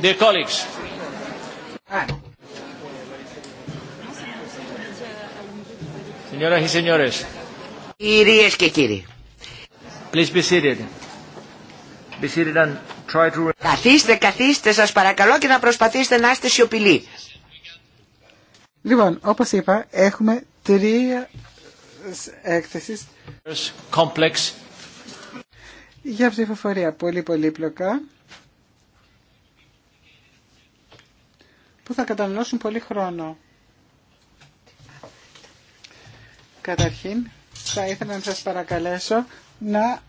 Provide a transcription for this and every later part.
Dear colleagues. Señoras y señores. Κυρίες και κύριοι. Please be seated. Be seated and try to... Καθίστε, καθίστε σας παρακαλώ και να προσπαθήσετε να είστε σιωπηλοί. Λοιπόν, όπως είπα, έχουμε τρία έκθεσεις. Για ψηφοφορία πολύ πολύ πλοκά. που θα καταναλώσουν πολύ χρόνο. Καταρχήν, θα ήθελα να σας παρακαλέσω να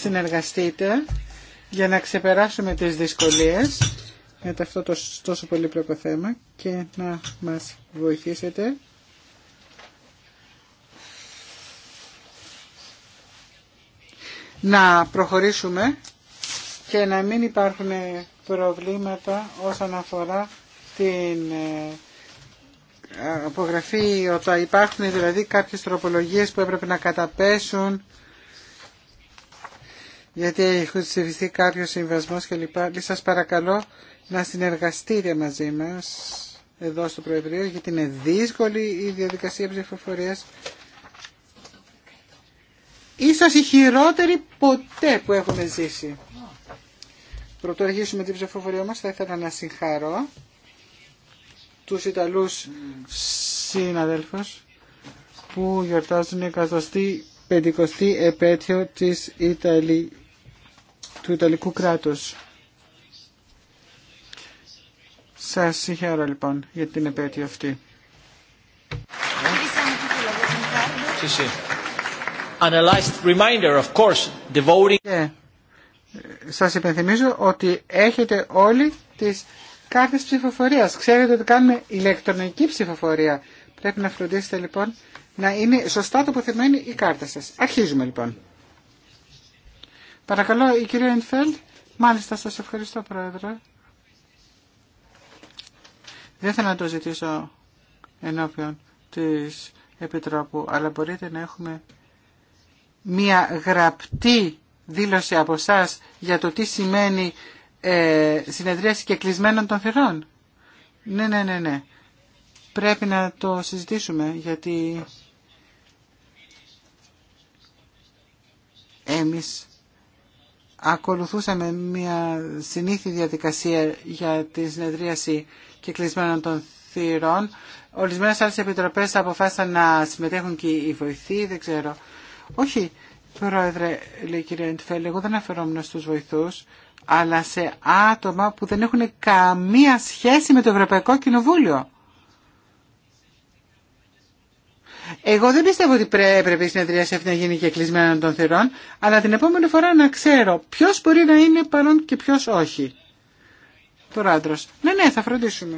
συνεργαστείτε για να ξεπεράσουμε τις δυσκολίες με αυτό το τόσο πολύπλοκο θέμα και να μας βοηθήσετε να προχωρήσουμε και να μην υπάρχουν προβλήματα όσον αφορά την ε, απογραφή όταν υπάρχουν δηλαδή κάποιες τροπολογίες που έπρεπε να καταπέσουν γιατί έχουν συμβηθεί κάποιο συμβασμό κλπ. Σας παρακαλώ να συνεργαστείτε μαζί μας εδώ στο Προεδρείο, γιατί είναι δύσκολη η διαδικασία ψηφοφορία. Ίσως η χειρότερη ποτέ που έχουμε ζήσει. Πρωτού την ψηφοφορία μας θα ήθελα να συγχαρώ τους Ιταλούς συναδέλφους που γιορτάζουν η εκατοστή πεντηκοστή επέτειο της του Ιταλικού κράτους. Σας συγχαίρω λοιπόν για την επέτειο αυτή. Σα ε, σας υπενθυμίζω ότι έχετε όλοι τις κάρτες ψηφοφορίας. Ξέρετε ότι κάνουμε ηλεκτρονική ψηφοφορία. Πρέπει να φροντίσετε λοιπόν να είναι σωστά τοποθετημένη η κάρτα σας. Αρχίζουμε λοιπόν. Παρακαλώ η κυρία Ενφέλ. Μάλιστα σας ευχαριστώ πρόεδρε. Δεν θέλω να το ζητήσω ενώπιον της Επιτρόπου, αλλά μπορείτε να έχουμε μία γραπτή δήλωση από εσά για το τι σημαίνει ε, συνεδρίαση και κλεισμένων των θυρών. Ναι, ναι, ναι, ναι. Πρέπει να το συζητήσουμε γιατί εμείς ακολουθούσαμε μια συνήθη διαδικασία για τη συνεδρίαση και κλεισμένων των θυρών. Ορισμένε άλλε επιτροπέ αποφάσισαν να συμμετέχουν και οι βοηθοί, δεν ξέρω. Όχι, πρόεδρε, λέει η κυρία Εντφέλη, εγώ δεν αφαιρόμουν στους βοηθού αλλά σε άτομα που δεν έχουν καμία σχέση με το Ευρωπαϊκό Κοινοβούλιο. Εγώ δεν πιστεύω ότι πρέπει η συνεδρία σε αυτή να γίνει και κλεισμένα των θυρών, αλλά την επόμενη φορά να ξέρω ποιο μπορεί να είναι παρόν και ποιο όχι. Τώρα άντρο. Ναι, ναι, θα φροντίσουμε.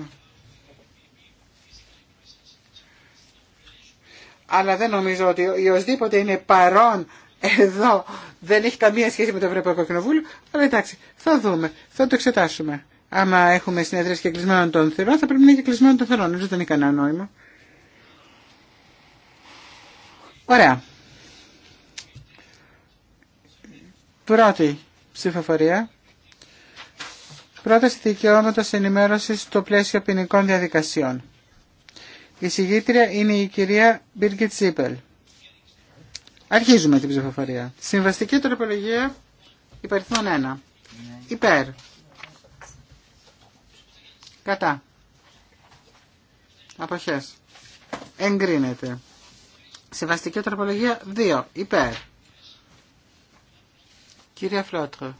Αλλά δεν νομίζω ότι οσδήποτε είναι παρόν εδώ δεν έχει καμία σχέση με το Ευρωπαϊκό Κοινοβούλιο, αλλά εντάξει, θα δούμε, θα το εξετάσουμε. Άμα έχουμε συνέδρια και κλεισμένων των θερών, θα πρέπει να είναι και κλεισμένων των θερών. δεν έχει κανένα νόημα. Ωραία. Πρώτη ψηφοφορία. Πρόταση δικαιώματο ενημέρωση στο πλαίσιο ποινικών διαδικασιών. Η συγγήτρια είναι η κυρία Μπίργκιτ Σίπελ. Αρχίζουμε την ψηφοφορία. Συμβαστική τροπολογία υπερθμών 1. Υπέρ. Κατά. Αποχές. Εγκρίνεται. Συμβαστική τροπολογία 2. Υπέρ. Κυρία Φλότρο.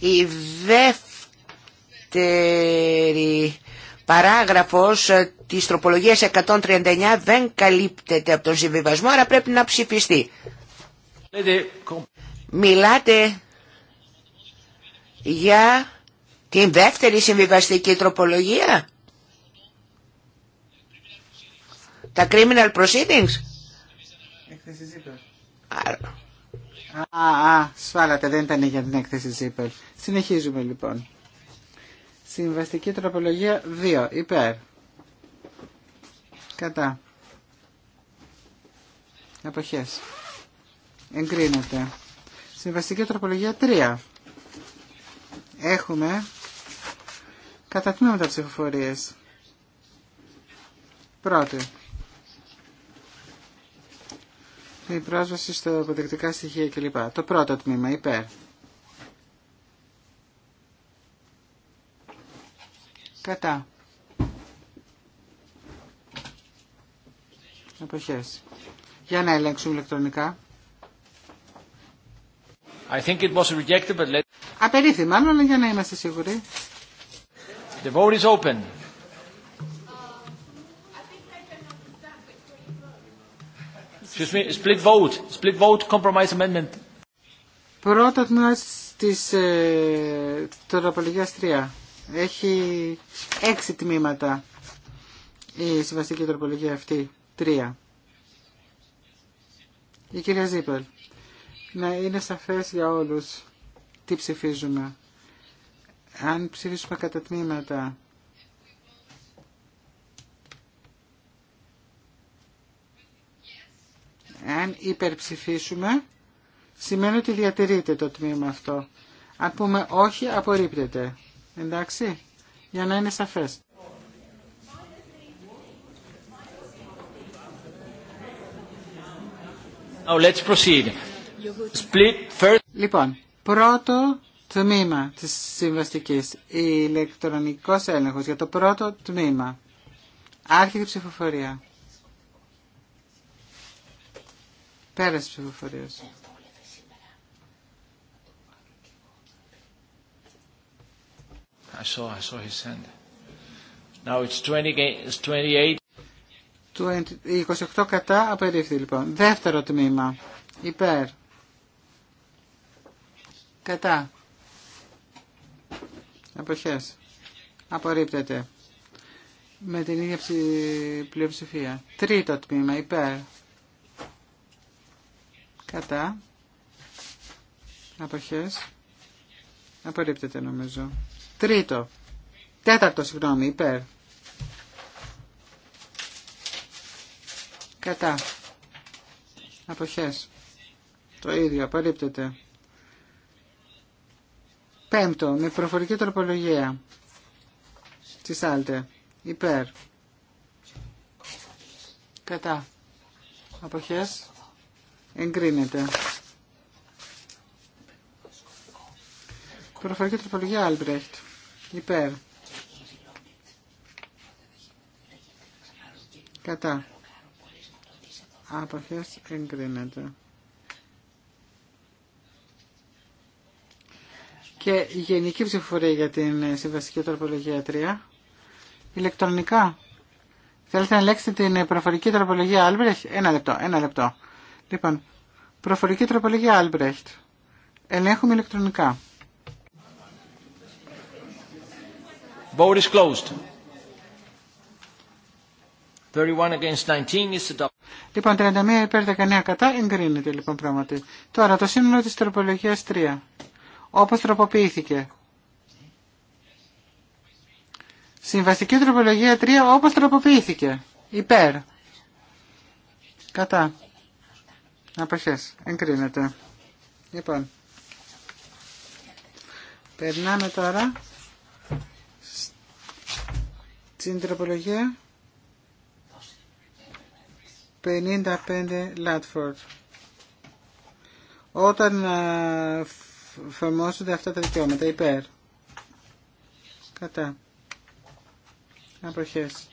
Η δεύτερη παράγραφος ε, της τροπολογίας 139 δεν καλύπτεται από τον συμβιβασμό, άρα πρέπει να ψηφιστεί. Μιλάτε για την δεύτερη συμβιβαστική τροπολογία. Τα criminal proceedings. Α, α, σφάλατε, δεν ήταν για την έκθεση Ζήπερ. Συνεχίζουμε λοιπόν. Συμβαστική τροπολογία 2. Υπέρ. Κατά. Αποχές. Εγκρίνεται. Συμβαστική τροπολογία 3. Έχουμε κατά τμήματα ψηφοφορίες. Πρώτη. Η πρόσβαση στα αποδεκτικά στοιχεία κλπ. Το πρώτο τμήμα υπέρ. Κατά. Εποχές. Για να ελέγξουμε ηλεκτρονικά. I think it was rejected, but let... Απερίθη, μάλλον, για να είμαστε σίγουροι. The vote is open. Excuse me, split vote. Split vote, compromise amendment. Πρώτα τμήμα της ε, τροπολογίας 3 έχει έξι τμήματα η συμβαστική τροπολογία αυτή. Τρία. Η κυρία Ζήπελ. Να είναι σαφές για όλους τι ψηφίζουμε. Αν ψηφίσουμε κατά τμήματα, αν υπερψηφίσουμε, σημαίνει ότι διατηρείται το τμήμα αυτό. Αν πούμε όχι, απορρίπτεται. Εντάξει, για να είναι σαφές. Now let's proceed. Split first. Λοιπόν, πρώτο τμήμα της συμβαστικής, ηλεκτρονικός έλεγχος για το πρώτο τμήμα. Άρχεται ψηφοφορία. Πέρασε ψηφοφορία. 28. κατά απερίφθη λοιπόν. Δεύτερο τμήμα. Υπέρ. Κατά. Αποχές. Απορρίπτεται. Με την ίδια πλειοψηφία. Τρίτο τμήμα. Υπέρ. Κατά. Αποχές. Απορρίπτεται νομίζω. Τρίτο. Τέταρτο, συγγνώμη, υπέρ. Κατά. Αποχές. Το ίδιο, απορρίπτεται. Πέμπτο, με προφορική τροπολογία. Τη άλτε. Υπέρ. Κατά. Αποχές. Εγκρίνεται. Προφορική τροπολογία Άλμπρεχτ. Υπέρ. Κατά. Αποχές εγκρίνεται. Και γενική ψηφοφορία για την ε, Συμβασική τροπολογία 3. Ηλεκτρονικά. Θέλετε να ελέγξετε την ε, προφορική τροπολογία Albrecht, Ένα λεπτό, ένα λεπτό. Λοιπόν, προφορική τροπολογία Albrecht, Ελέγχουμε ηλεκτρονικά. closed. 31 against 19 is Λοιπόν, 31 υπέρ 19 κατά εγκρίνεται λοιπόν πράγματι. Τώρα το σύνολο της τροπολογίας 3. Όπως τροποποιήθηκε. Συμβαστική τροπολογία 3 όπως τροποποιήθηκε. Υπέρ. Κατά. Αποχές. Εγκρίνεται. Λοιπόν. Περνάμε τώρα την τροπολογία 55 Λάτφορντ. Όταν εφαρμόζονται αυτά τα δικαιώματα, υπέρ. Κατά. Αποχές.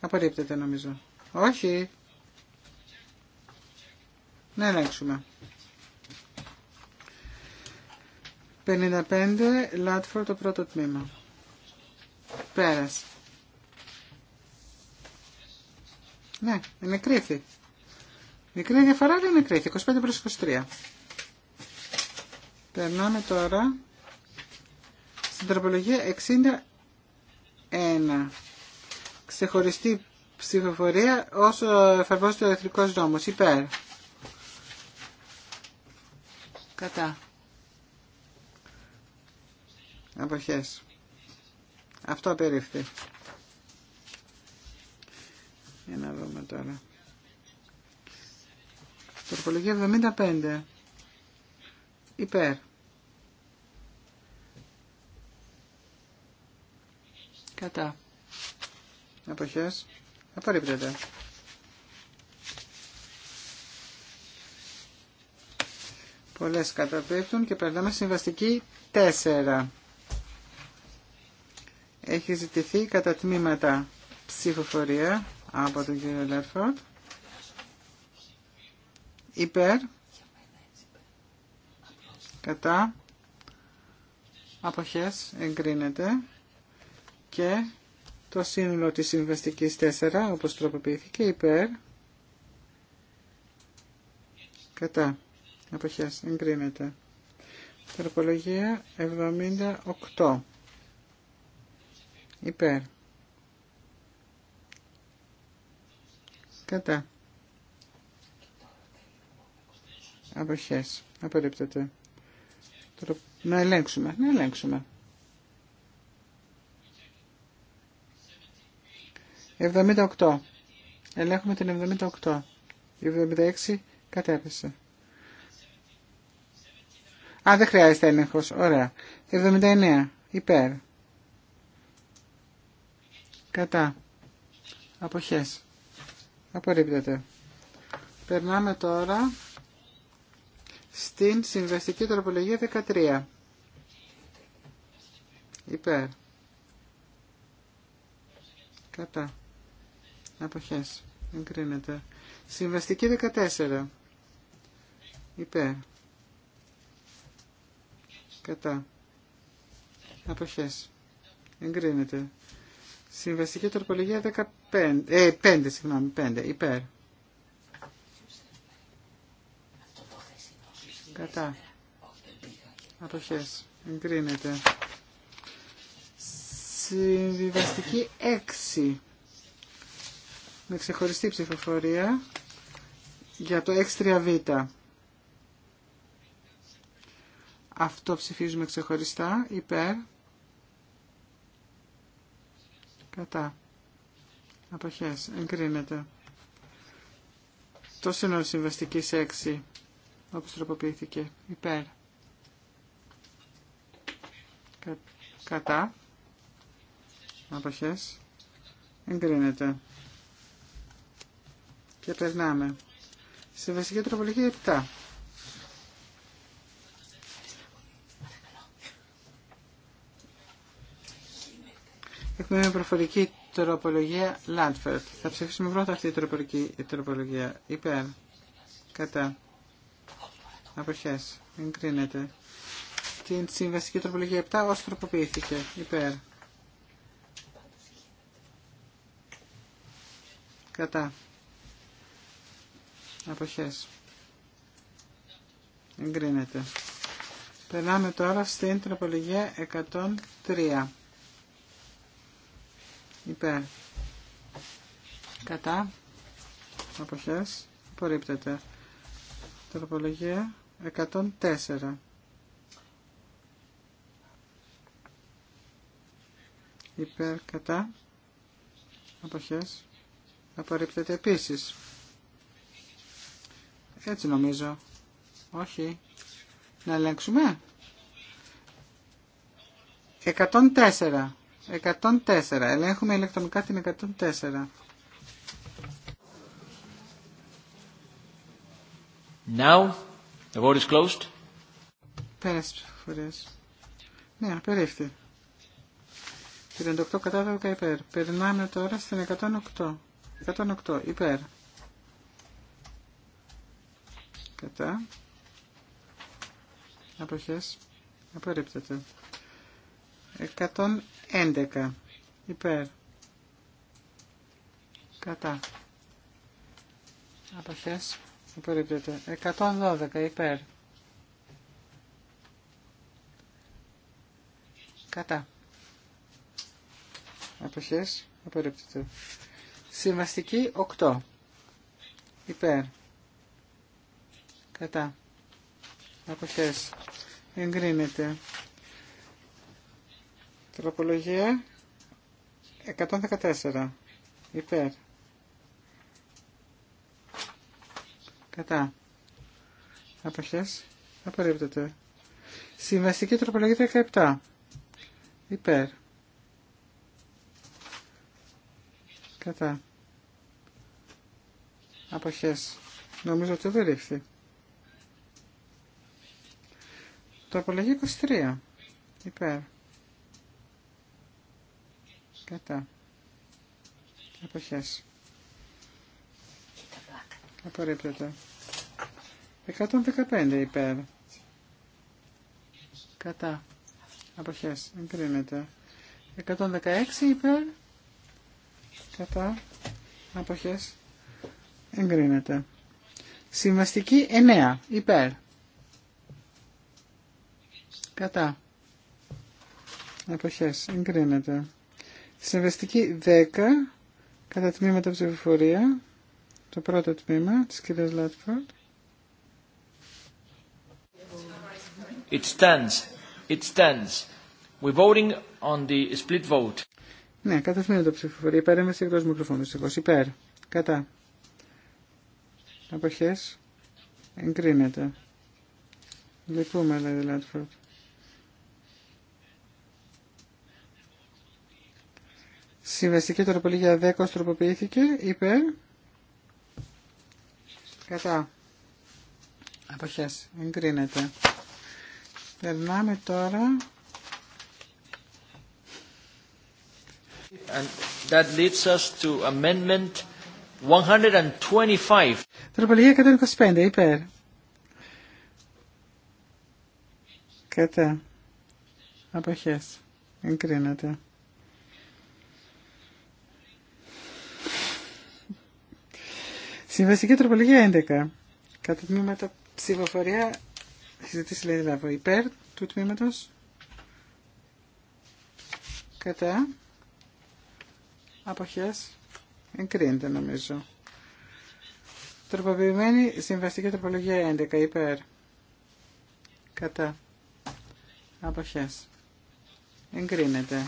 Απορρίπτεται νομίζω. Όχι. Να ελέγξουμε. 55 Λάτφορντ το πρώτο τμήμα. Πέρασε. Ναι, είναι κρίθη. Μικρή διαφορά, είναι κρίθη, 25 προς 23. Περνάμε τώρα στην τροπολογία 61. Ξεχωριστή ψηφοφορία όσο εφαρμόζεται ο εθνικός νόμος. Υπέρ. Κατά. Αποχές. Αυτό απερίφθη. Για να δούμε τώρα. Τροπολογία 75. Υπέρ. Κατά. Αποχές. Απορρίπτεται. Πολλές καταπέφτουν και περνάμε συμβαστική 4. Έχει ζητηθεί κατά τμήματα ψηφοφορία από τον κύριο Λέρφορντ. Υπέρ. Κατά. Αποχές εγκρίνεται. Και το σύνολο της συμβαστικής 4, όπως τροποποιήθηκε, υπέρ. Κατά. Αποχές εγκρίνεται. Τροπολογία 78. Υπέρ. Κατά. Αποχές. Απορρίπτεται. Να ελέγξουμε. Να ελέγξουμε. 78. Ελέγχουμε την 78. Η 76 κατέπεσε. Α, δεν χρειάζεται έλεγχος. Ωραία. 79. Υπέρ. Κατά. Αποχές. Απορρίπτεται. Περνάμε τώρα στην συμβαστική τροπολογία 13. Υπέρ. Κατά. Αποχές. Εγκρίνεται. Συμβαστική 14. Υπέρ. Κατά. Αποχές. Εγκρίνεται. Συμβαστική τροπολογία 5, ε, 5, συγγνώμη, 5, υπέρ. Κατά. Αποχές. Εγκρίνεται. Συμβιβαστική 6. Με ξεχωριστή ψηφοφορία για το 6-3β. Αυτό ψηφίζουμε ξεχωριστά. Υπέρ. Κατά. Αποχές. Εγκρίνεται. Το σύνολο συμβαστική 6, όπως τροποποιήθηκε, υπέρ. κατά. Αποχές. Εγκρίνεται. Και περνάμε. Συμβαστική τροπολογία 7. Έχουμε μια προφορική Τροπολογία Λάντφερτ. Θα ψηφίσουμε πρώτα αυτή η τροπολογία. Υπέρ. Κατά. Αποχές. Εγκρίνεται. Την συμβαστική τροπολογία 7 ως τροποποιήθηκε. Υπέρ. Κατά. Αποχές. Εγκρίνεται. Περνάμε τώρα στην τροπολογία 103 υπέρ κατά αποχές απορρίπτεται τροπολογία 104 υπέρ κατά αποχές απορρίπτεται επίσης έτσι νομίζω όχι να ελέγξουμε 104 104. Ελέγχουμε ηλεκτρονικά την 104. Now, the vote is closed. Πέρασε φορές. Ναι, απερίφθη. 38 κατά 12 υπέρ. Περνάμε τώρα στην 108. 108 υπέρ. Κατά. Αποχές. Απορρίπτεται. 11 υπέρ κατά αποχές απορρίπτεται 112 υπέρ κατά αποχές απορρίπτεται συμβαστική 8 υπέρ κατά αποχές εγκρίνεται Τροπολογία 114. Υπέρ. Κατά. Αποχές. Απορρίπτεται. Συμβαστική τροπολογία 17. Υπέρ. Κατά. Αποχές. Νομίζω ότι δεν ρίχθη. Τροπολογία 23. Υπέρ. Κατά. Αποχές. Απορρίπτεται. 115 υπέρ. Κατά. Αποχές. Εγκρίνεται. 116 υπέρ. Κατά. Αποχές. Εγκρίνεται. Συμβαστική 9 υπέρ. Κατά. Αποχές. Εγκρίνεται. Συμβεστική 10 κατά τμήματα ψηφοφορία. Το πρώτο τμήμα της κυρίας Λάτφορντ. It stands. It stands. We're voting on the split vote. Ναι, κατά τμήματα ψηφοφορία. Παρέμβαση εκτός μικροφόνου, Σηκώς υπέρ. Κατά. Αποχές. Εγκρίνεται. Λυπούμε, λέει Λάτφορντ. Συμβαστική τροπολογία 10 τροποποιήθηκε υπέρ κατά αποχές εγκρίνεται. Περνάμε τώρα that leads us to amendment 125. Τροπολογία 125 υπέρ. Κατά. Αποχές. Εγκρίνεται. Συμβαστική τροπολογία 11. Κατά τμήματα ψηφοφορία συζητήσει λέει δηλαδή υπέρ του τμήματο. Κατά. απόχέ. Εγκρίνεται νομίζω. Τροποποιημένη συμβαστική τροπολογία 11 υπέρ. Κατά. Αποχέ. Εγκρίνεται.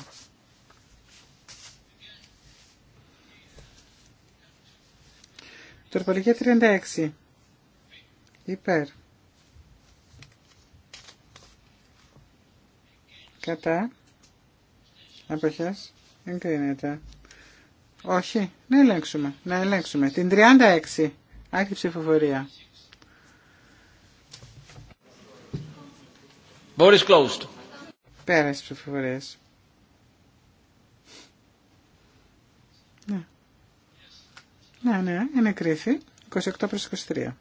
Τουρκολογία 36. Υπέρ. Κατά. Αποχές. Εγκρίνεται. Όχι. Να ελέγξουμε. Να ελέγξουμε. Την 36. άκρη ψηφοφορία. Board is Πέρασε ψηφοφορίες. Ναι, ναι, είναι κρίθη. 28 προς 23.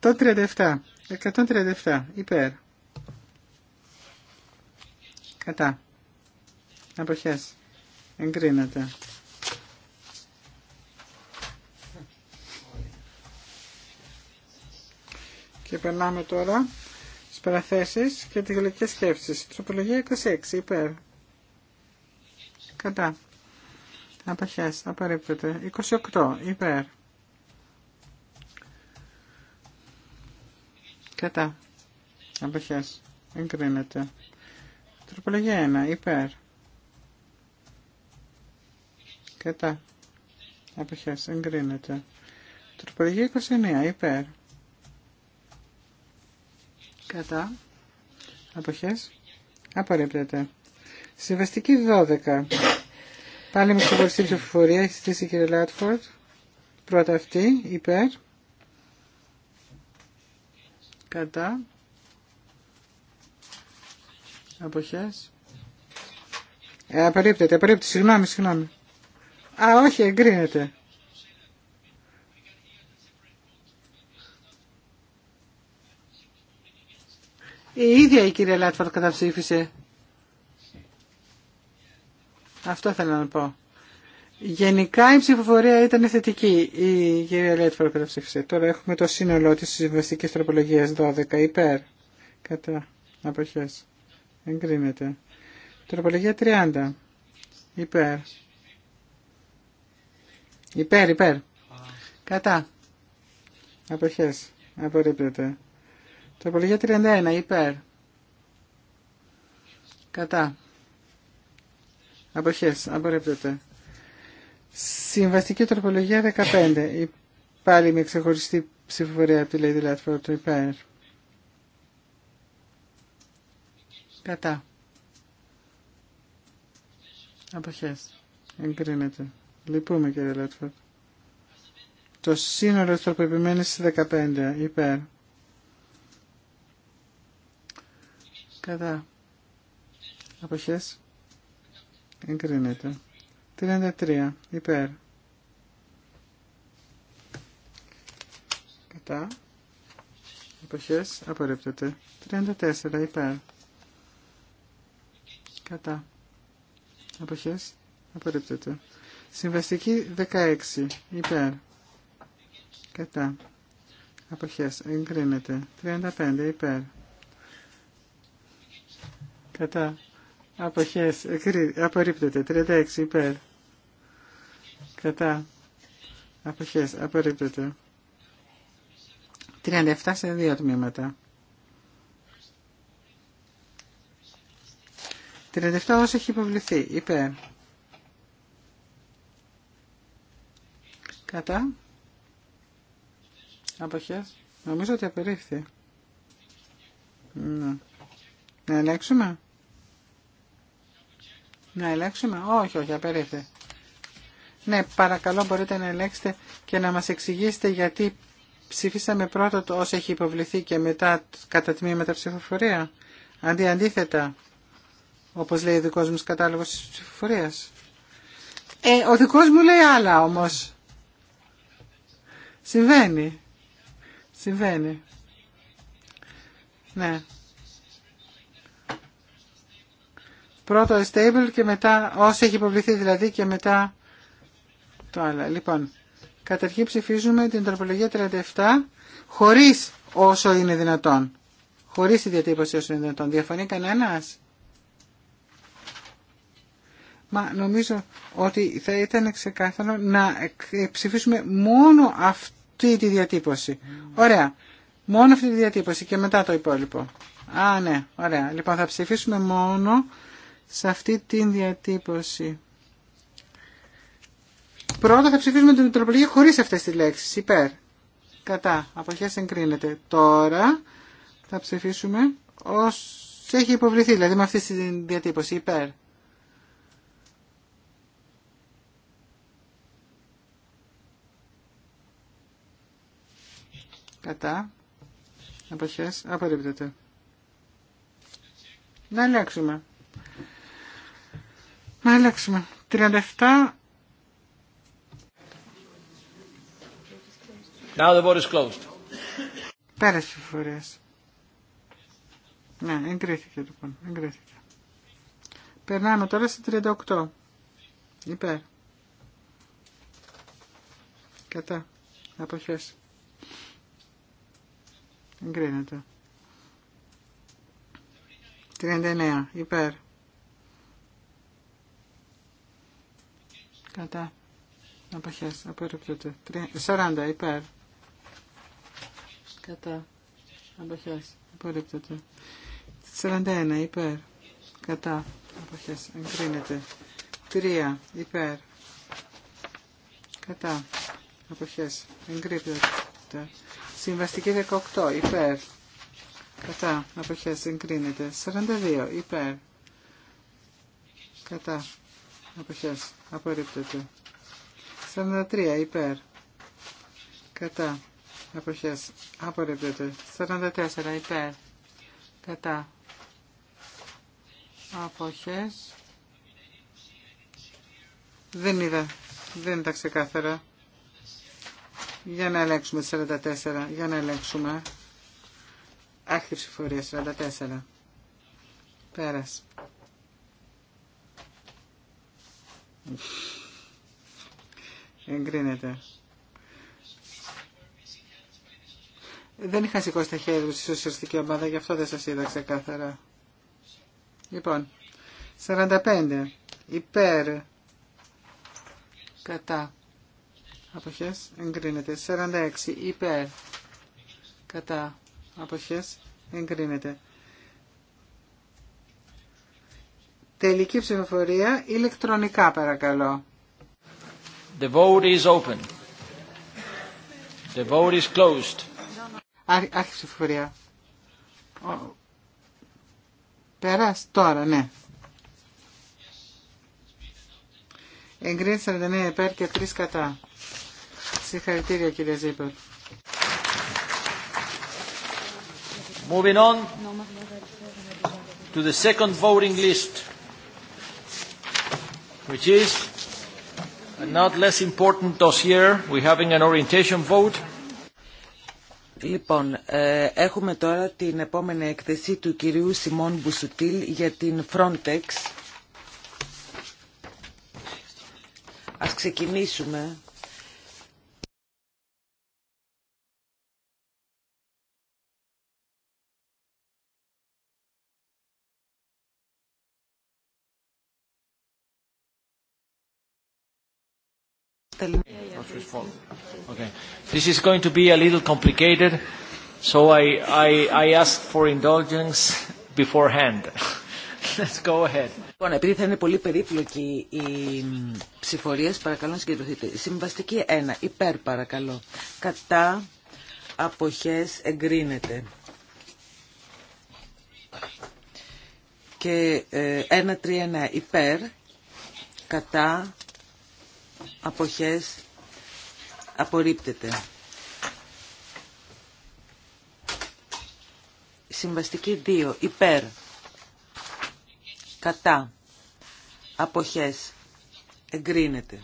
137. 137. Υπέρ. Κατά. Αποχές. Εγκρίνεται. Και περνάμε τώρα στις παραθέσεις και τις γλυκές σκέψεις. Τροπολογία 26. Υπέρ. Κατά. Απαχές. Απορρίπτεται. 28. Υπέρ. Κατά. Απαχές. Εγκρίνεται. Τροπολογία 1. Υπέρ. Κατά. Αποχές. Εγκρίνεται. Τροπολογία 29. Υπέρ. Κατά. Αποχές. Απορρίπτεται. Συμβαστική 12. Πάλι με ξεχωριστή ψηφοφορία έχει στήσει η κυρία Λάτφορντ. Πρώτα αυτή, υπέρ. Κατά. Αποχές. Ε, απερίπτεται, Συγγνώμη, συγγνώμη. Α, όχι, εγκρίνεται. Η ίδια η κυρία Λάτφορντ καταψήφισε. Αυτό θέλω να πω. Γενικά η ψηφοφορία ήταν θετική. Η κυρία Λέτφορ καταψήφισε. Τώρα έχουμε το σύνολό της συμβαστικής τροπολογίας 12 υπέρ. Κατά αποχές. Εγκρίνεται. Τροπολογία 30. Υπέρ. Υπέρ, υπέρ. Κατά. Αποχές. Απορρίπτεται. Τροπολογία 31. Υπέρ. Κατά. Αποχές. Απορρέπτεται. Συμβαστική τροπολογία 15. Πάλι με ξεχωριστή ψηφοφορία από τη Lady Λάτφορτ. του υπέρ. Κατά. Αποχές. Εγκρίνεται. Λυπούμε κύριε Λάτφορτ. Το σύνολο της τροποποιημένης 15. Υπέρ. Κατά. Αποχές εγκρίνεται. 33 υπέρ. Κατά. Εποχές απορρίπτεται. 34 υπέρ. Κατά. Εποχές απορρίπτεται. Συμβαστική 16 υπέρ. Κατά. Αποχές εγκρίνεται. 35 υπέρ. Κατά. Αποχές. Απορρίπτεται. 36 υπέρ. Κατά. Αποχές. Απορρίπτεται. 37 σε δύο τμήματα. 37 όσο έχει υποβληθεί. Υπέρ. Κατά. Αποχές. Νομίζω ότι απορρίφθη. Να. Να ελέγξουμε. Να ελέγξουμε. Όχι, όχι, απερίφθη. Ναι, παρακαλώ μπορείτε να ελέγξετε και να μας εξηγήσετε γιατί ψηφίσαμε πρώτα το όσο έχει υποβληθεί και μετά κατά τμήματα ψηφοφορία. Αντί αντίθετα, όπως λέει ο δικός μου κατάλογος της ψηφοφορίας. Ε, ο δικός μου λέει άλλα όμως. Συμβαίνει. Συμβαίνει. Ναι. πρώτο stable και μετά όσοι έχει υποβληθεί δηλαδή και μετά το άλλο. Λοιπόν, καταρχήν ψηφίζουμε την τροπολογία 37 χωρίς όσο είναι δυνατόν. Χωρίς τη διατύπωση όσο είναι δυνατόν. Διαφωνεί κανένας. Μα νομίζω ότι θα ήταν ξεκάθαρο να ψηφίσουμε μόνο αυτή τη διατύπωση. Ωραία. Μόνο αυτή τη διατύπωση και μετά το υπόλοιπο. Α, ναι, ωραία. Λοιπόν, θα ψηφίσουμε μόνο σε αυτή την διατύπωση. Πρώτα θα ψηφίσουμε την τροπολογία χωρίς αυτές τις λέξεις. Υπέρ. Κατά. Αποχές εγκρίνεται. Τώρα θα ψηφίσουμε ως έχει υποβληθεί, δηλαδή με αυτή τη διατύπωση. Υπέρ. Κατά. Αποχές. Απορρίπτεται. Να αλλάξουμε. Να αλλάξουμε. 37. Now the vote is closed. Πέρασε η φορέα. Ναι, εγκρίθηκε λοιπόν. Εγκρίθηκε. Περνάμε τώρα στη 38. Υπέρ. Κατά. Αποχές. Εγκρίνεται. 39. Υπέρ. Κατά. Αποχές. Απορρίπτεται. 40 υπέρ. Κατά. Αποχές. Απορρίπτεται. 41 υπέρ. Κατά. Αποχές. Εγκρίνεται. 3 υπέρ. Κατά. Αποχές. Εγκρίνεται. Συμβαστική 18 υπέρ. Κατά. Αποχές. Εγκρίνεται. 42 υπέρ. Κατά αποχές απορρίπτεται 43 υπέρ κατά αποχές απορρίπτεται 44 υπέρ κατά αποχές δεν είδα δεν τα ξεκάθαρα για να ελέγξουμε 44 για να ελέγξουμε Άρχιψη ψηφορία 44 Πέρασε. Εγκρίνεται. Δεν είχα σηκώσει τα χέρια μου στη σοσιαλιστική ομάδα, γι' αυτό δεν σας είδα ξεκάθαρα. Λοιπόν, 45. Υπέρ. Κατά. Αποχές. Εγκρίνεται. 46. Υπέρ. Κατά. Αποχές. Εγκρίνεται. Τελική ψηφοφορία ηλεκτρονικά παρακαλώ. The vote is open. The vote is closed. Άρχισε η ψηφοφορία. Πέρας τώρα, ναι. Εγκρίνει ναι, υπέρ και τρεις κατά. Συγχαρητήρια κύριε Ζήπερ. Moving on to the second voting list which is a not less important dossier. We're having an orientation vote. Λοιπόν, ε, έχουμε τώρα την επόμενη έκθεση του κυρίου Σιμών Μπουσουτήλ για την Frontex. Ας ξεκινήσουμε. This is going to be a little complicated, so I, I, I ask for indulgence beforehand. Let's go ahead. Λοιπόν, επειδή θα είναι πολύ περίπλοκη οι ψηφορία, παρακαλώ να συγκεντρωθείτε. Συμβαστική 1. Υπέρ, παρακαλώ. Κατά αποχές εγκρίνεται. Και 1-3-1 ε, υπέρ, κατά αποχές απορρίπτεται. Συμβαστική 2. Υπέρ. Κατά. Αποχές. Εγκρίνεται.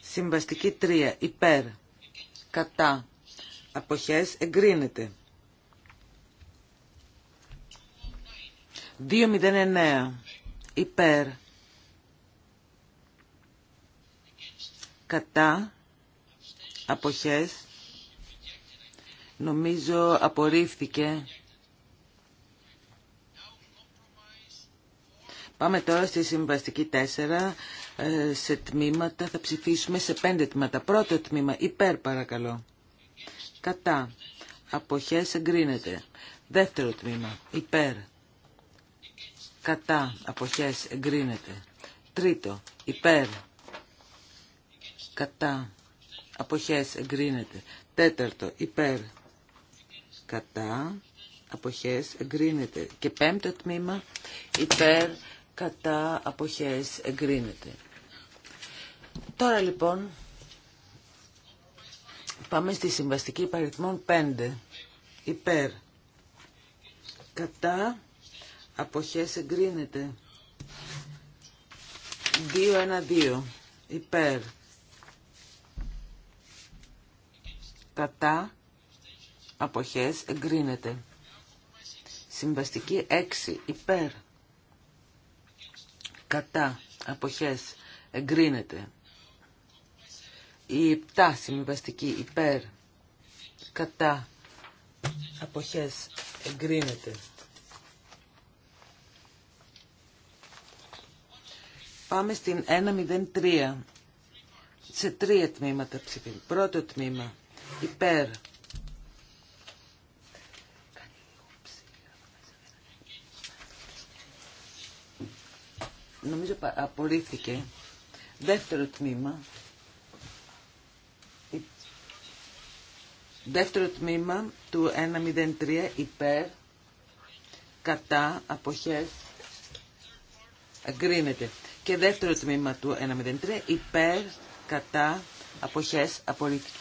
Συμβαστική 3. Υπέρ. Κατά. Αποχές. Εγκρίνεται. 209. Υπέρ. κατά αποχές νομίζω απορρίφθηκε Πάμε τώρα στη συμβαστική 4 ε, σε τμήματα. Θα ψηφίσουμε σε πέντε τμήματα. Πρώτο τμήμα, υπέρ παρακαλώ. Κατά. Αποχές εγκρίνεται. Δεύτερο τμήμα, υπέρ. Κατά. Αποχές εγκρίνεται. Τρίτο, υπέρ κατά αποχές εγκρίνεται. Τέταρτο υπέρ κατά αποχές εγκρίνεται. Και πέμπτο τμήμα υπέρ κατά αποχές εγκρίνεται. Τώρα λοιπόν πάμε στη συμβαστική παριθμών 5 υπέρ κατά αποχές εγκρίνεται 2-1-2 υπέρ κατά αποχές εγκρίνεται. Συμβαστική 6 υπέρ κατά αποχές εγκρίνεται. Η 7 συμβαστική υπέρ κατά αποχές εγκρίνεται. Πάμε στην 1.03 σε τρία τμήματα ψηφί. Πρώτο τμήμα υπέρ νομίζω απορρίφθηκε δεύτερο τμήμα δεύτερο τμήμα του 103 υπέρ κατά αποχές εγκρίνεται και δεύτερο τμήμα του 103 υπέρ κατά αποχές απορρίφθηκε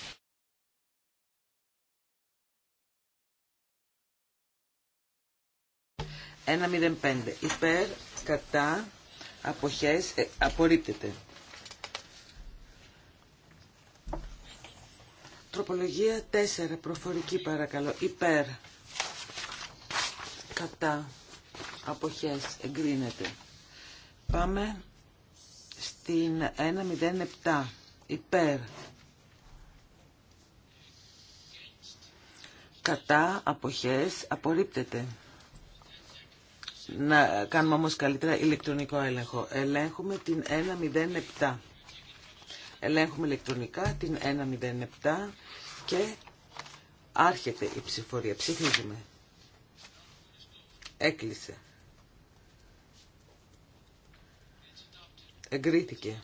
1.05 υπέρ κατά αποχές ε, απορρίπτεται. Τροπολογία 4 προφορική παρακαλώ υπέρ κατά αποχές εγκρίνεται. Πάμε στην 1.07 υπέρ κατά αποχές απορρίπτεται. Να κάνουμε όμως καλύτερα ηλεκτρονικό έλεγχο. Ελέγχουμε την 107. Ελέγχουμε ηλεκτρονικά την 107 και άρχεται η ψηφορία. Ψηφίζουμε. Έκλεισε. Εγκρίθηκε.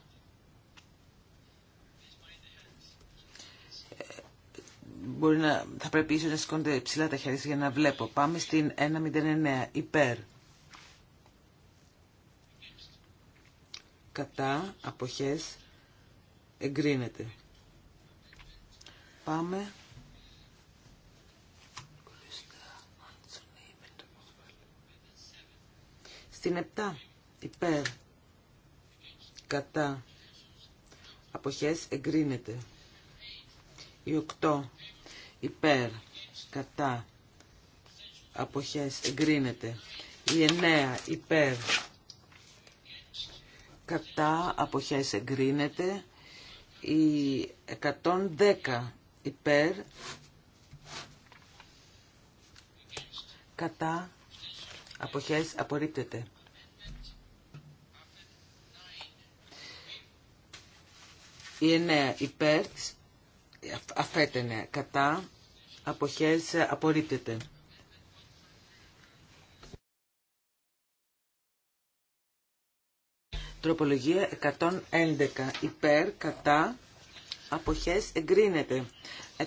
Μπορεί να, θα πρέπει ίσως να σηκώνετε ψηλά τα χέρια για να βλέπω. Πάμε στην 109. Υπέρ. κατά, αποχές, εγκρίνεται. Πάμε. Στην 7, υπέρ, κατά, αποχές, εγκρίνεται. Η 8, υπέρ, κατά, αποχές, εγκρίνεται. Η 9, υπέρ, κατά αποχές εγκρίνεται η 110 υπέρ κατά αποχές απορρίπτεται. Η 9 υπέρ αφέτενε κατά αποχές απορρίπτεται. Τροπολογία 111 υπέρ κατά αποχές εγκρίνεται.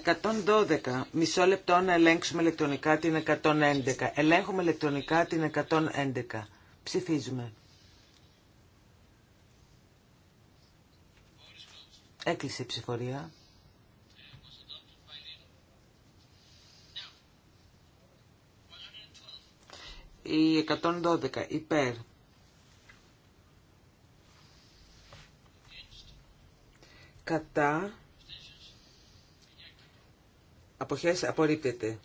112. Μισό λεπτό να ελέγξουμε ηλεκτρονικά την 111. Ελέγχουμε ηλεκτρονικά την 111. Ψηφίζουμε. Έκλεισε η ψηφορία. Η 112 υπέρ κατά αποχές απορρίπτεται.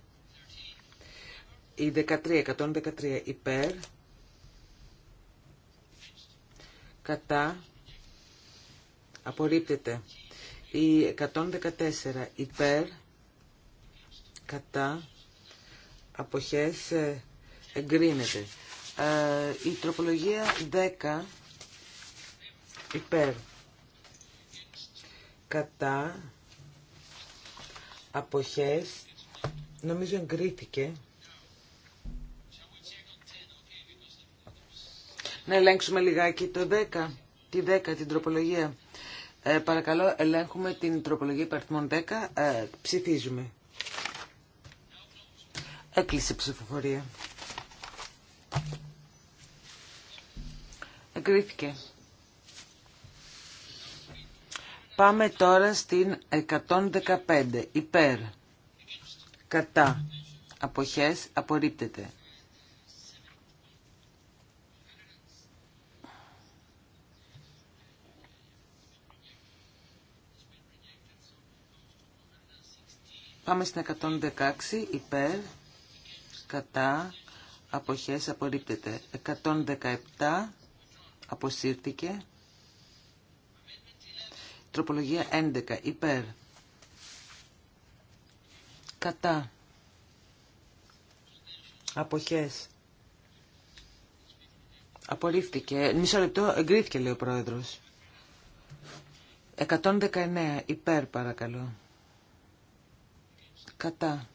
Η 13, 113 υπέρ κατά απορρίπτεται. Η 114 υπέρ κατά αποχές ε, εγκρίνεται. Ε, η τροπολογία 10 υπέρ κατά αποχές νομίζω εγκρίθηκε να ελέγξουμε λιγάκι το 10 τη 10 την τροπολογία ε, παρακαλώ ελέγχουμε την τροπολογία υπαρθμών 10 ε, ψηφίζουμε έκλεισε ψηφοφορία εγκρίθηκε Πάμε τώρα στην 115. Υπέρ. Κατά. Αποχές. Απορρίπτεται. Πάμε στην 116. Υπέρ. Κατά. Αποχές. Απορρίπτεται. 117. Αποσύρθηκε. Τροπολογία 11. Υπέρ. Κατά. Αποχές. Απορρίφθηκε. Μισό λεπτό εγκρίθηκε λέει ο πρόεδρος. 119. Υπέρ παρακαλώ. Κατά.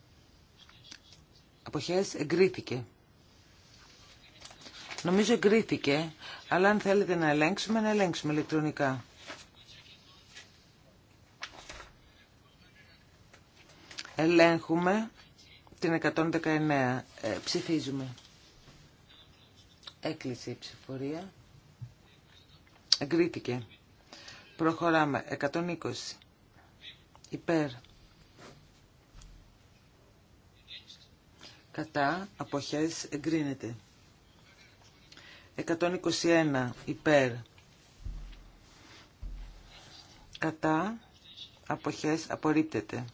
Αποχές εγκρίθηκε. Νομίζω εγκρίθηκε, αλλά αν θέλετε να ελέγξουμε, να ελέγξουμε ηλεκτρονικά. Ελέγχουμε την 119. Ε, ψηφίζουμε. Έκλεισε η ψηφορία. Εγκρίθηκε. Προχωράμε. 120. Υπέρ. Κατά. Αποχές. Εγκρίνεται. 121. Υπέρ. Κατά. Αποχές. Απορρίπτεται.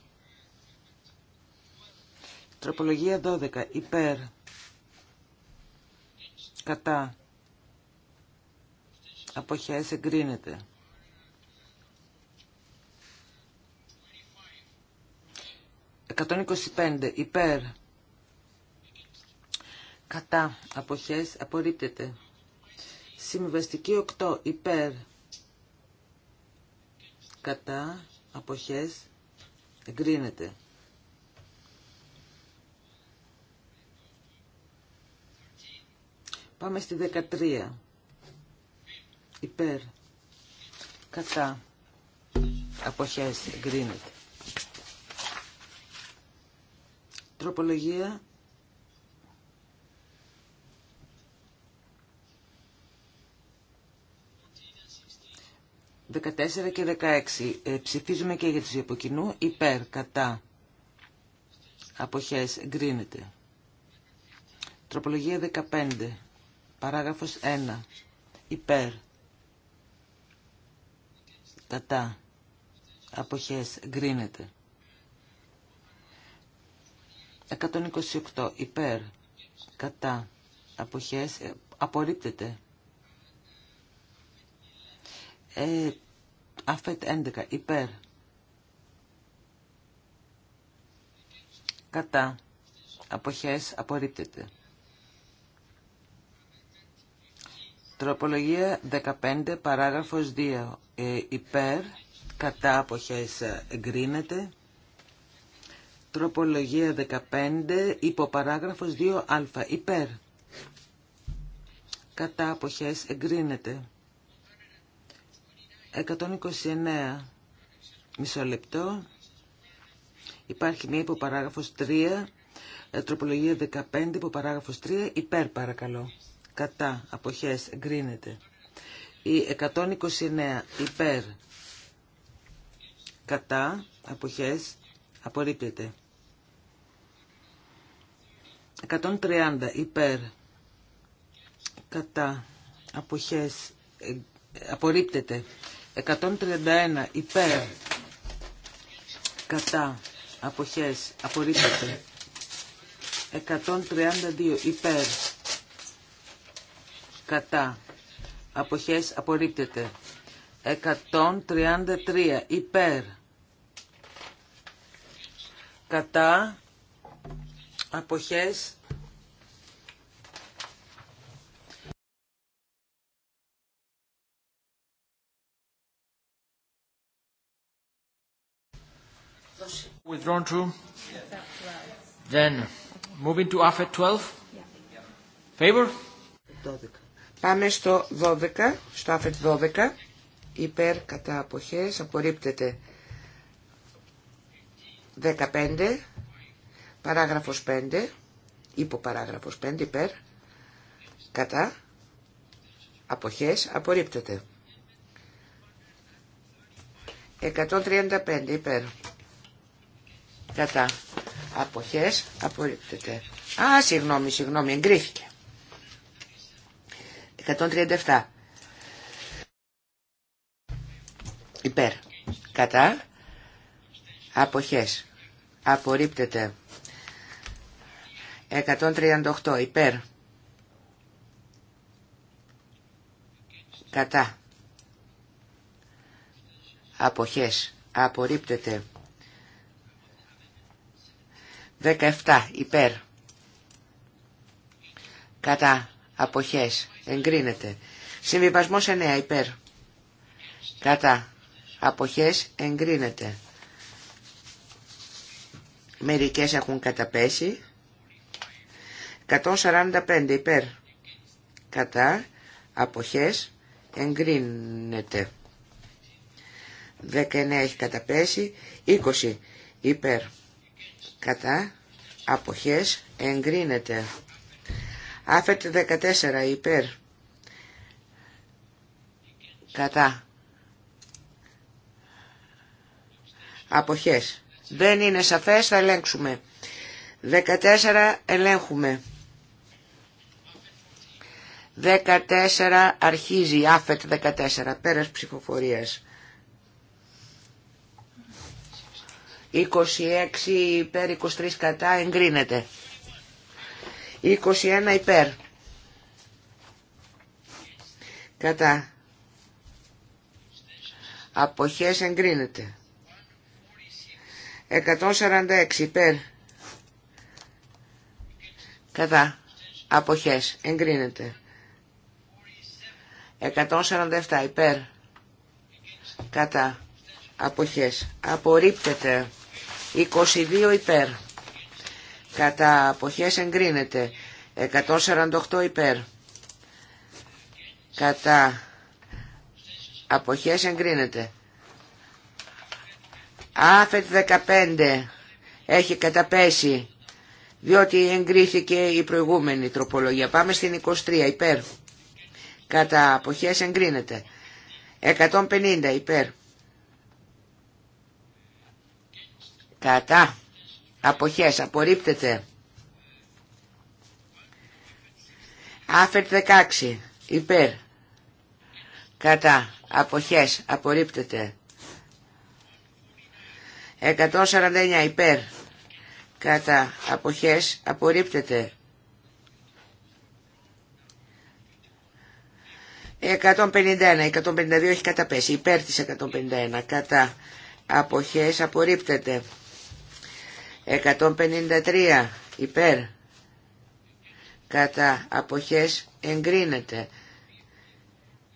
Τροπολογία 12. Υπέρ. Κατά. Αποχές εγκρίνεται. 125. Υπέρ. Κατά. Αποχές απορρίπτεται. Συμβαστική 8. Υπέρ. Κατά. Αποχές εγκρίνεται. Πάμε στη 13. Υπέρ. Κατά. Αποχές. Εγκρίνεται. Τροπολογία. 14 και 16. Ε, ψηφίζουμε και για τους υποκοινού. Υπέρ. Κατά. Αποχές. Εγκρίνεται. Τροπολογία 15. Παράγραφος 1. Υπέρ. Κατά. Αποχές. Γκρίνεται. 128. Ε, ε, Υπέρ. Κατά. Αποχές. Απορρίπτεται. Ε, αφέτ 11. Υπέρ. Κατά. Αποχές. Απορρίπτεται. Τροπολογία 15 παράγραφος 2 ε, υπέρ κατά αποχές ε, εγκρίνεται. Τροπολογία 15 υποπαράγραφος 2α υπέρ κατά αποχές εγκρίνεται. 129 μισό λεπτό. Υπάρχει μία υποπαράγραφος 3, ε, τροπολογία 15 υποπαράγραφος 3 υπέρ παρακαλώ κατά αποχές εγκρίνεται. Η 129 υπέρ κατά αποχές απορρίπτεται. 130 ε, υπέρ κατά αποχές απορρίπτεται. 131 υπέρ κατά αποχές απορρίπτεται. 132 υπέρ κατά αποχές απορρίπτεται 133 υπέρ κατά αποχές Withdrawn true. Then moving to AFET 12. Favor? 12. Πάμε στο 12, στο άφετ 12, υπέρ κατά αποχές, απορρίπτεται 15, παράγραφος 5, υποπαράγραφος 5, υπέρ, κατά, αποχές, απορρίπτεται. 135, υπέρ, κατά, αποχές, απορρίπτεται. Α, συγγνώμη, συγγνώμη, εγκρίθηκε. 137. Υπέρ. Κατά. Αποχές. Απορρίπτεται. 138. Υπέρ. Κατά. Αποχές. Απορρίπτεται. 17. Υπέρ. Κατά. Αποχές εγκρίνεται. Συμβιβασμός 9 υπέρ. Κατά. απόχέ, εγκρίνεται. Μερικέ έχουν καταπέσει. 145 υπέρ. Κατά. απόχέ. εγκρίνεται. 19 έχει καταπέσει. 20 υπέρ. Κατά. Αποχές εγκρίνεται. Άφετ 14 υπέρ Κατά. Αποχές. Δεν είναι σαφές, θα ελέγξουμε. 14 ελέγχουμε. 14 αρχίζει, άφετ 14, πέρας ψηφοφορίας. 26 υπέρ, 23 κατά, εγκρίνεται. 21 υπέρ. Κατά. Αποχές εγκρίνεται. 146 υπέρ. Κατά. Αποχές εγκρίνεται. 147 υπέρ. Κατά. Αποχές. Απορρίπτεται. 22 υπέρ. Κατά. Αποχές εγκρίνεται. 148 υπέρ. Κατά Αποχές εγκρίνεται. Άφετ 15 έχει καταπέσει διότι εγκρίθηκε η προηγούμενη τροπολογία. Πάμε στην 23 υπέρ. Κατά αποχές εγκρίνεται. 150 υπέρ. Κατά αποχές απορρίπτεται. Άφετ 16 υπέρ. Κατά αποχές απορρίπτεται 149 υπέρ κατά αποχές απορρίπτεται 151, 152 έχει καταπέσει, υπέρ της 151, κατά αποχές απορρίπτεται. 153, υπέρ, κατά αποχές εγκρίνεται.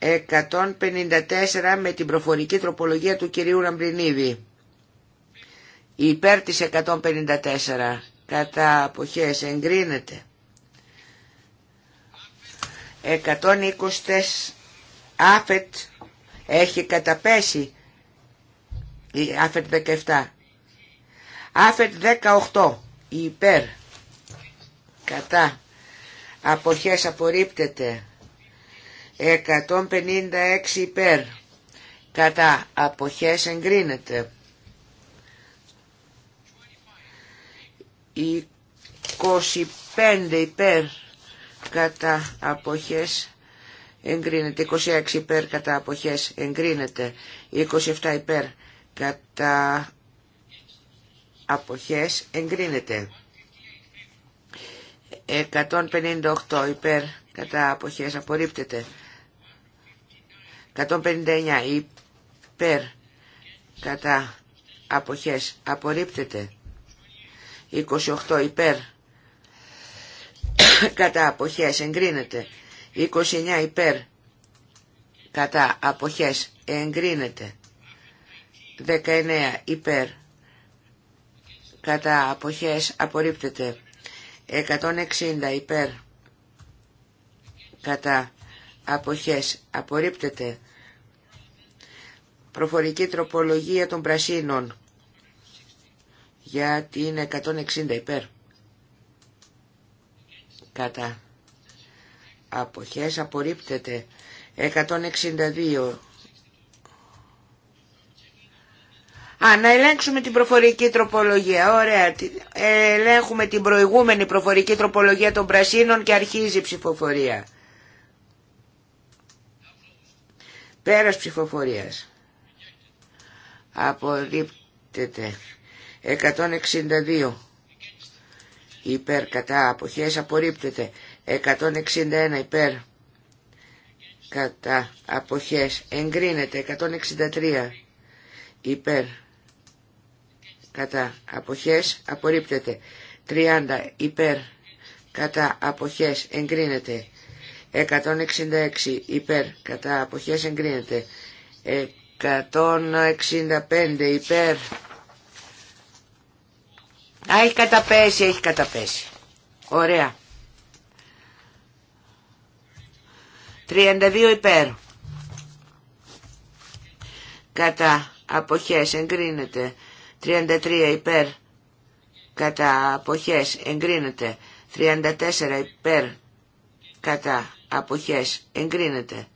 154 με την προφορική τροπολογία του κυρίου Ραμπρινίδη. Υπέρ της 154 κατά αποχές εγκρίνεται. 120 άφετ έχει καταπέσει. Άφετ 17. Άφετ 18 υπέρ κατά αποχές απορρίπτεται. 156 υπέρ κατά αποχές εγκρίνεται 25 υπέρ κατά αποχές εγκρίνεται 26 υπέρ κατά αποχές εγκρίνεται 27 υπέρ κατά αποχές εγκρίνεται 158 υπέρ κατά αποχές απορρίπτεται 159 υπέρ κατά αποχές απορρίπτεται 28 υπέρ κατά αποχές εγκρίνεται 29 υπέρ κατά αποχές εγκρίνεται 19 υπέρ κατά αποχές απορρίπτεται 160 υπέρ κατά αποχές απορρίπτεται προφορική τροπολογία των πρασίνων γιατί είναι 160 υπέρ κατά αποχές απορρίπτεται 162 Α, να ελέγξουμε την προφορική τροπολογία. Ωραία. Ελέγχουμε την προηγούμενη προφορική τροπολογία των πρασίνων και αρχίζει η ψηφοφορία. Πέρας ψηφοφορίας. Απορρίπτεται. 162. Υπέρ κατά αποχές απορρίπτεται. 161 υπέρ κατά αποχές εγκρίνεται. 163 υπέρ κατά αποχές απορρίπτεται. 30 υπέρ κατά αποχές εγκρίνεται. 166 υπέρ κατά αποχές εγκρίνεται 165 υπέρ Α, έχει καταπέσει, έχει καταπέσει. Ωραία. 32 υπέρ. Κατά αποχές εγκρίνεται. 33 υπέρ. Κατά αποχές εγκρίνεται. 34 υπέρ. Κατά αποχές εγκρίνεται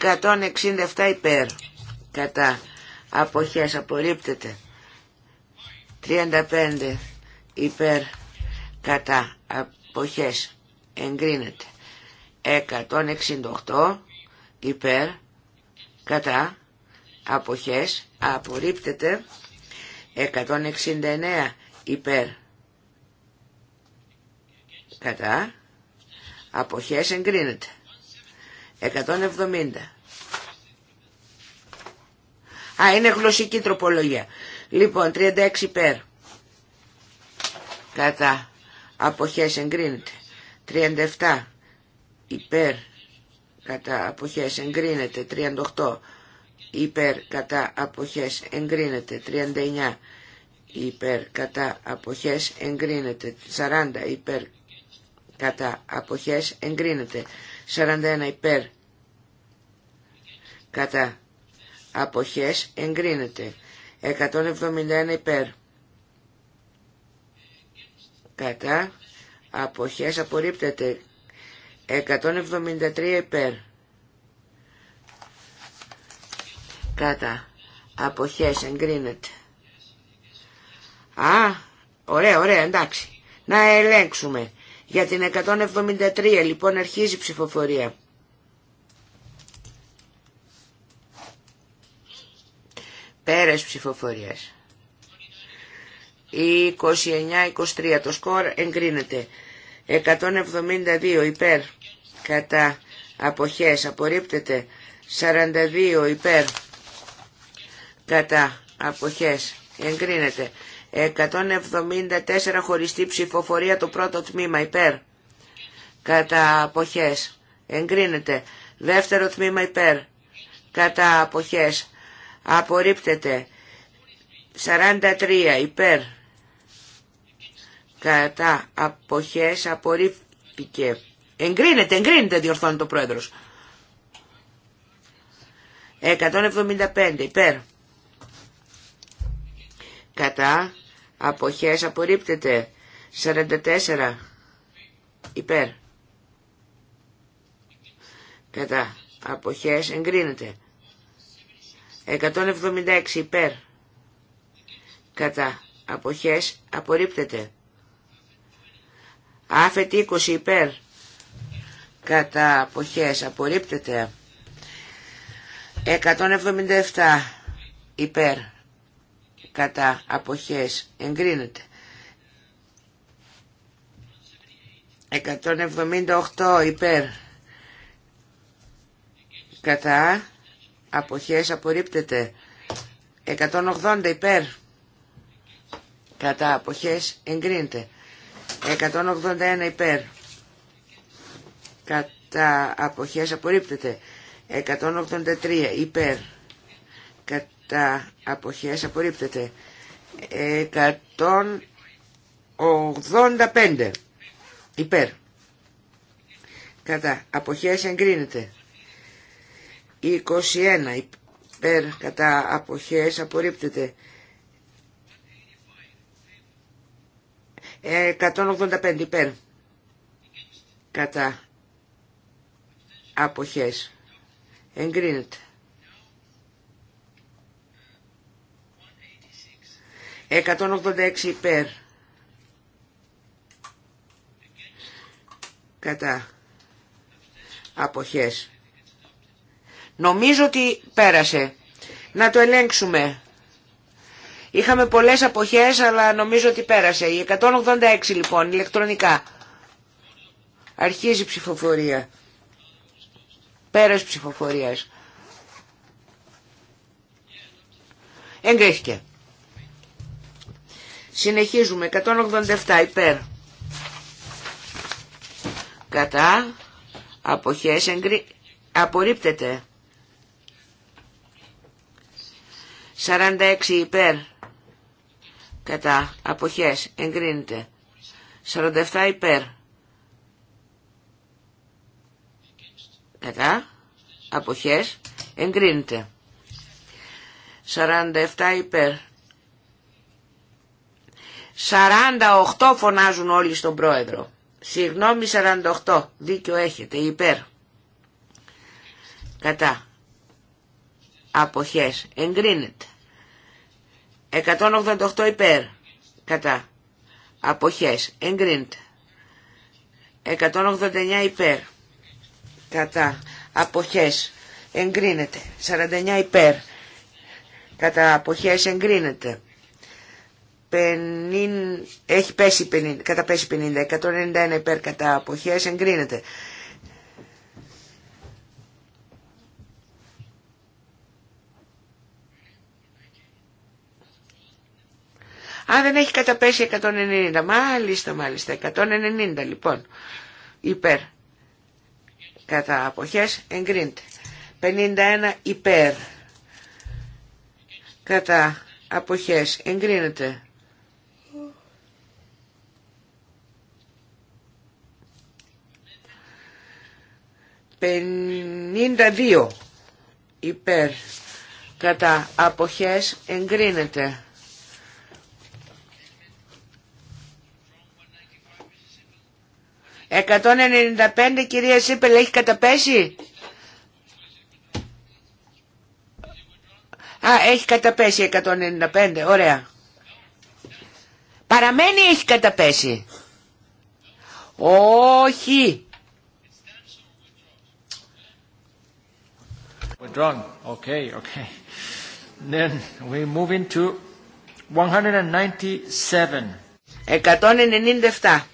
167 υπέρ κατά αποχές απορρίπτεται 35 υπέρ κατά αποχές εγκρίνεται 168 υπέρ κατά αποχές απορρίπτεται 169 υπέρ κατά αποχές εγκρίνεται 170 Α, είναι γλωσσική τροπολογία. Λοιπόν, 36 υπέρ. Κατά. Αποχές εγκρίνεται. 37 υπέρ. Κατά. Αποχές εγκρίνεται. 38 υπέρ. Κατά. Αποχές εγκρίνεται. 39 υπέρ. Κατά. Αποχές εγκρίνεται. 40 υπέρ κατά αποχές εγκρίνεται 41 υπέρ κατά αποχές εγκρίνεται 171 υπέρ κατά αποχές απορρίπτεται 173 υπέρ κατά αποχές εγκρίνεται Α, ωραία, ωραία, εντάξει. Να ελέγξουμε. Για την 173 λοιπόν αρχίζει η ψηφοφορία. Πέρας ψηφοφορίας. 29-23 το σκορ εγκρίνεται. 172 υπέρ κατά αποχές απορρίπτεται. 42 υπέρ κατά αποχές εγκρίνεται. 174 χωριστή ψηφοφορία το πρώτο τμήμα υπέρ κατά αποχές εγκρίνεται δεύτερο τμήμα υπέρ κατά αποχές απορρίπτεται 43 υπέρ κατά αποχές απορρίφθηκε εγκρίνεται, εγκρίνεται διορθώνει το πρόεδρος 175 υπέρ κατά αποχές απορρίπτεται 44 υπέρ κατά αποχές εγκρίνεται 176 υπέρ κατά αποχές απορρίπτεται άφετ 20 υπέρ κατά αποχές απορρίπτεται 177 υπέρ κατά αποχές εγκρίνεται 178 υπέρ κατά αποχές απορρίπτεται 180 υπέρ κατά αποχές εγκρίνεται 181 υπέρ κατά αποχές απορρίπτεται 183 υπέρ κατά τα αποχές απορρίπτεται 185 υπέρ κατά αποχές εγκρίνεται 21 υπέρ κατά αποχές απορρίπτεται 185 υπέρ κατά αποχές εγκρίνεται 186 υπέρ. Κατά. Αποχές. Νομίζω ότι πέρασε. Να το ελέγξουμε. Είχαμε πολλές αποχές, αλλά νομίζω ότι πέρασε. Η 186 λοιπόν, ηλεκτρονικά. Αρχίζει ψηφοφορία. Πέρας ψηφοφορίας. Εγκρίθηκε. Συνεχίζουμε. 187 υπέρ. Κατά. Αποχές εγκρι... Απορρίπτεται. 46 υπέρ. Κατά. Αποχές εγκρίνεται. 47 υπέρ. Κατά. Αποχές εγκρίνεται. 47 υπέρ 48 φωνάζουν όλοι στον πρόεδρο. Συγγνώμη 48. Δίκιο έχετε. Υπέρ. Κατά. Αποχές. Εγκρίνεται. 188 υπέρ. Κατά. Αποχές. Εγκρίνεται. 189 υπέρ. Κατά. Αποχές. Εγκρίνεται. 49 υπέρ. Κατά. Αποχές. Εγκρίνεται. 50, έχει πέσει 50, κατά πέσει 50, 191 υπέρ κατά αποχές εγκρίνεται. Αν δεν έχει καταπέσει 190, μάλιστα, μάλιστα, 190 λοιπόν, υπέρ κατά αποχές εγκρίνεται. 51 υπέρ κατά αποχές εγκρίνεται. 52 υπέρ κατά αποχές εγκρίνεται. 195 κυρία Σίπελ έχει καταπέσει. Α, έχει καταπέσει 195, ωραία. Παραμένει έχει καταπέσει. Όχι. Okay, okay. Then we move into 197. 197.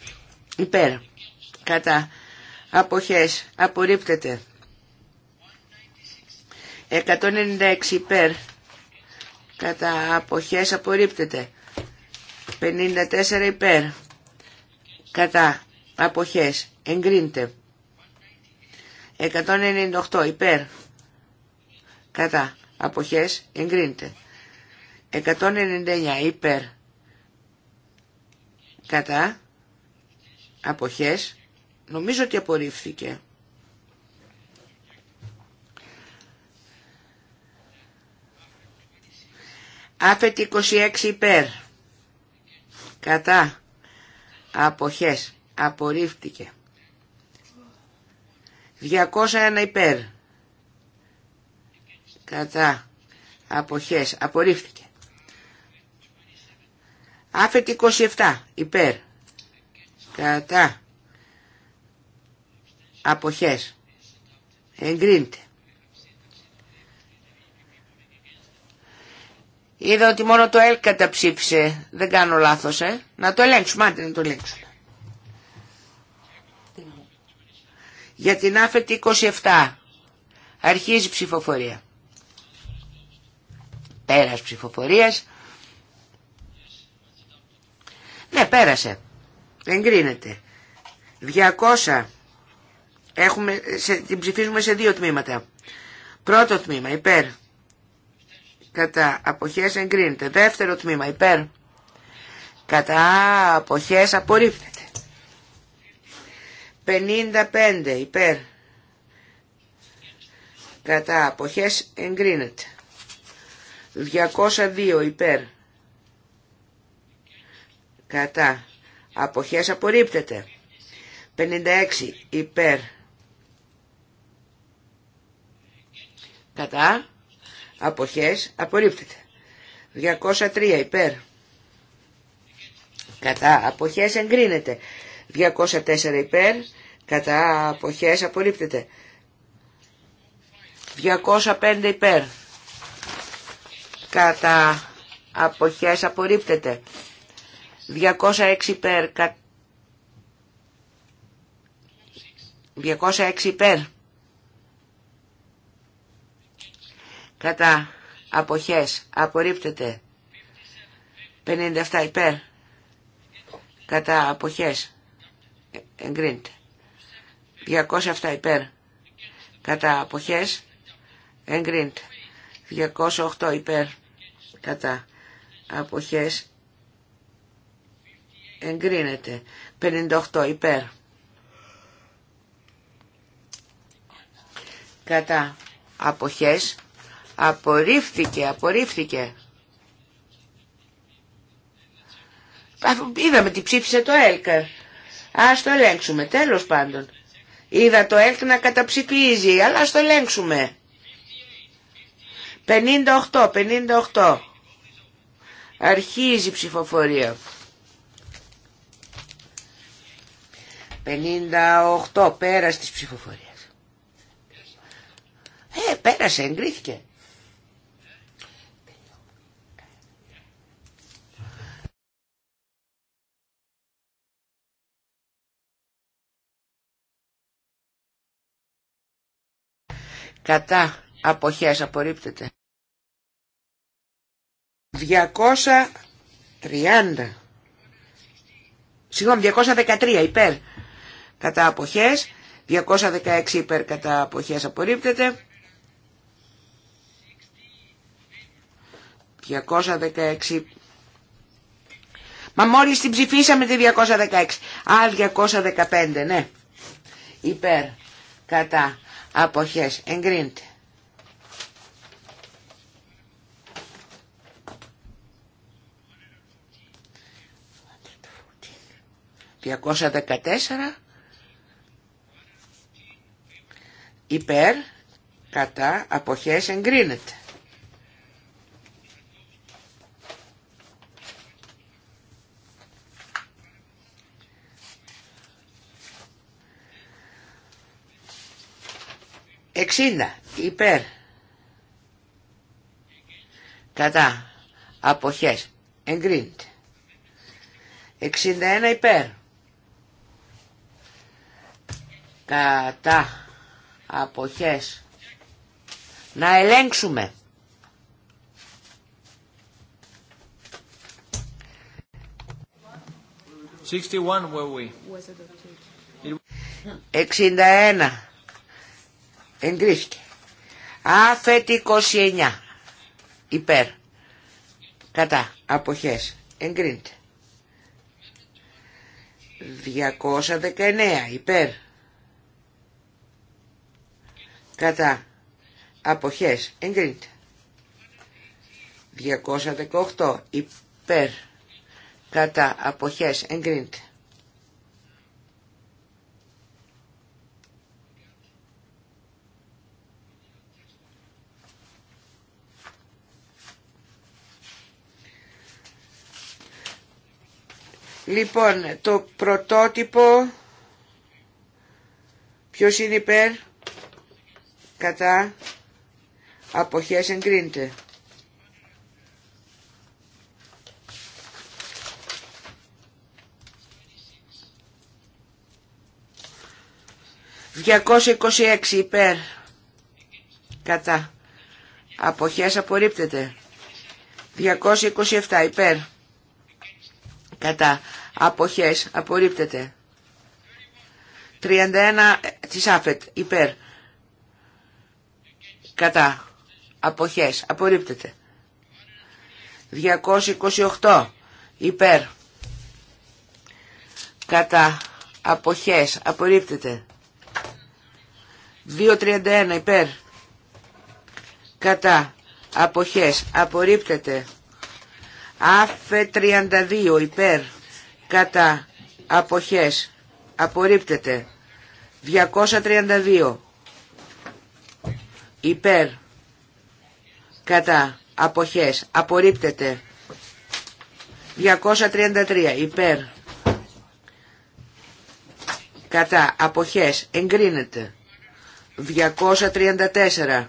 Υπέρ. Κατά. Αποχές. Απορρίπτεται. 196 υπέρ. Κατά. Αποχές. Απορρίπτεται. 54 υπέρ. Κατά. Αποχές. Εγκρίνεται. 198 υπέρ κατά αποχές εγκρίνεται 199 υπέρ κατά αποχές νομίζω ότι απορρίφθηκε άφετ 26 υπέρ κατά αποχές απορρίφθηκε 201 υπέρ κατά αποχές απορρίφθηκε. Άφετη 27 υπέρ κατά αποχές εγκρίνεται. Είδα ότι μόνο το ΕΛ καταψήφισε. Δεν κάνω λάθος, ε. Να το ελέγξουμε, άντε να το ελέγξουμε. Για την άφετη 27. Αρχίζει η ψηφοφορία. Πέρας ψηφοφορίας. Ναι, πέρασε. Εγκρίνεται. 200. Έχουμε, σε, την ψηφίζουμε σε δύο τμήματα. Πρώτο τμήμα, υπέρ. Κατά αποχές εγκρίνεται. Δεύτερο τμήμα, υπέρ. Κατά αποχές απορρίπτεται. 55, υπέρ. Κατά αποχές εγκρίνεται. 202 υπέρ. Κατά. Αποχές απορρίπτεται. 56 υπέρ. Κατά. Αποχές απορρίπτεται. 203 υπέρ. Κατά. Αποχές εγκρίνεται. 204 υπέρ. Κατά. Αποχές απορρίπτεται. 205 υπέρ κατά αποχές απορρίπτεται 206 υπέρ 206 υπέρ κατά αποχές απορρίπτεται 57 υπέρ κατά αποχές εγκρίνεται 207 υπέρ κατά αποχές εγκρίνεται 208 υπέρ κατά αποχές εγκρίνεται 58 υπέρ κατά αποχές απορρίφθηκε απορρίφθηκε είδαμε τι ψήφισε το ΕΛΚΑ ας το ελέγξουμε τέλος πάντων είδα το ΕΛΚ να καταψηφίζει αλλά ας το ελέγξουμε 58 58 Αρχίζει η ψηφοφορία. 58 πέρα της ψηφοφορία. Ε, πέρασε, εγκρίθηκε. Κατά αποχές απορρίπτεται. 230. Συγγνώμη, 213 υπέρ κατά αποχές. 216 υπέρ κατά αποχές απορρίπτεται. 216. Μα μόλις την ψηφίσαμε τη 216. Α, 215, ναι. Υπέρ κατά αποχές. Εγκρίνεται. 214 υπέρ κατά αποχές εγκρίνεται. Εξήντα υπέρ κατά αποχές εγκρίνεται. εξήντα ένα υπέρ κατά αποχές να ελέγξουμε Εξήντα ένα εγκρίθηκε Άφετη 29 υπέρ κατά αποχές εγκρίνεται 219 υπέρ κατά αποχές εγκρίνεται 218 υπέρ κατά αποχές εγκρίνεται 218. Λοιπόν, το πρωτότυπο, ποιος είναι υπέρ, κατά αποχές εγκρίνεται. 226 υπέρ κατά αποχές απορρίπτεται. 227 υπέρ κατά αποχές απορρίπτεται. 31 της άφετ υπέρ κατά αποχές απορρίπτεται 228 υπέρ κατά αποχές απορρίπτεται 231 υπέρ κατά αποχές απορρίπτεται άφε 32 υπέρ κατά αποχές απορρίπτεται 232 υπέρ κατά αποχές απορρίπτεται 233 υπέρ κατά αποχές εγκρίνεται 234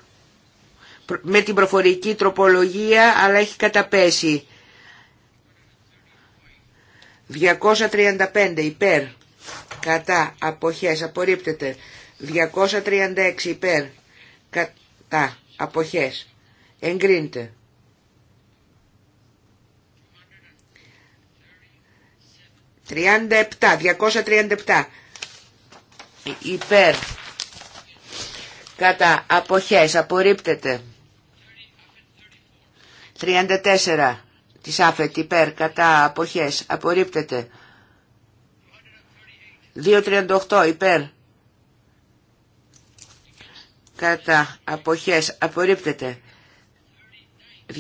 με την προφορική τροπολογία αλλά έχει καταπέσει 235 υπέρ κατά αποχές απορρίπτεται 236 υπέρ κατά κατά αποχές εγκρίνεται. 37, 237 υπέρ κατά αποχές απορρίπτεται 34 της άφετ υπέρ κατά αποχές απορρίπτεται 238 υπέρ κατά αποχές απορρίπτεται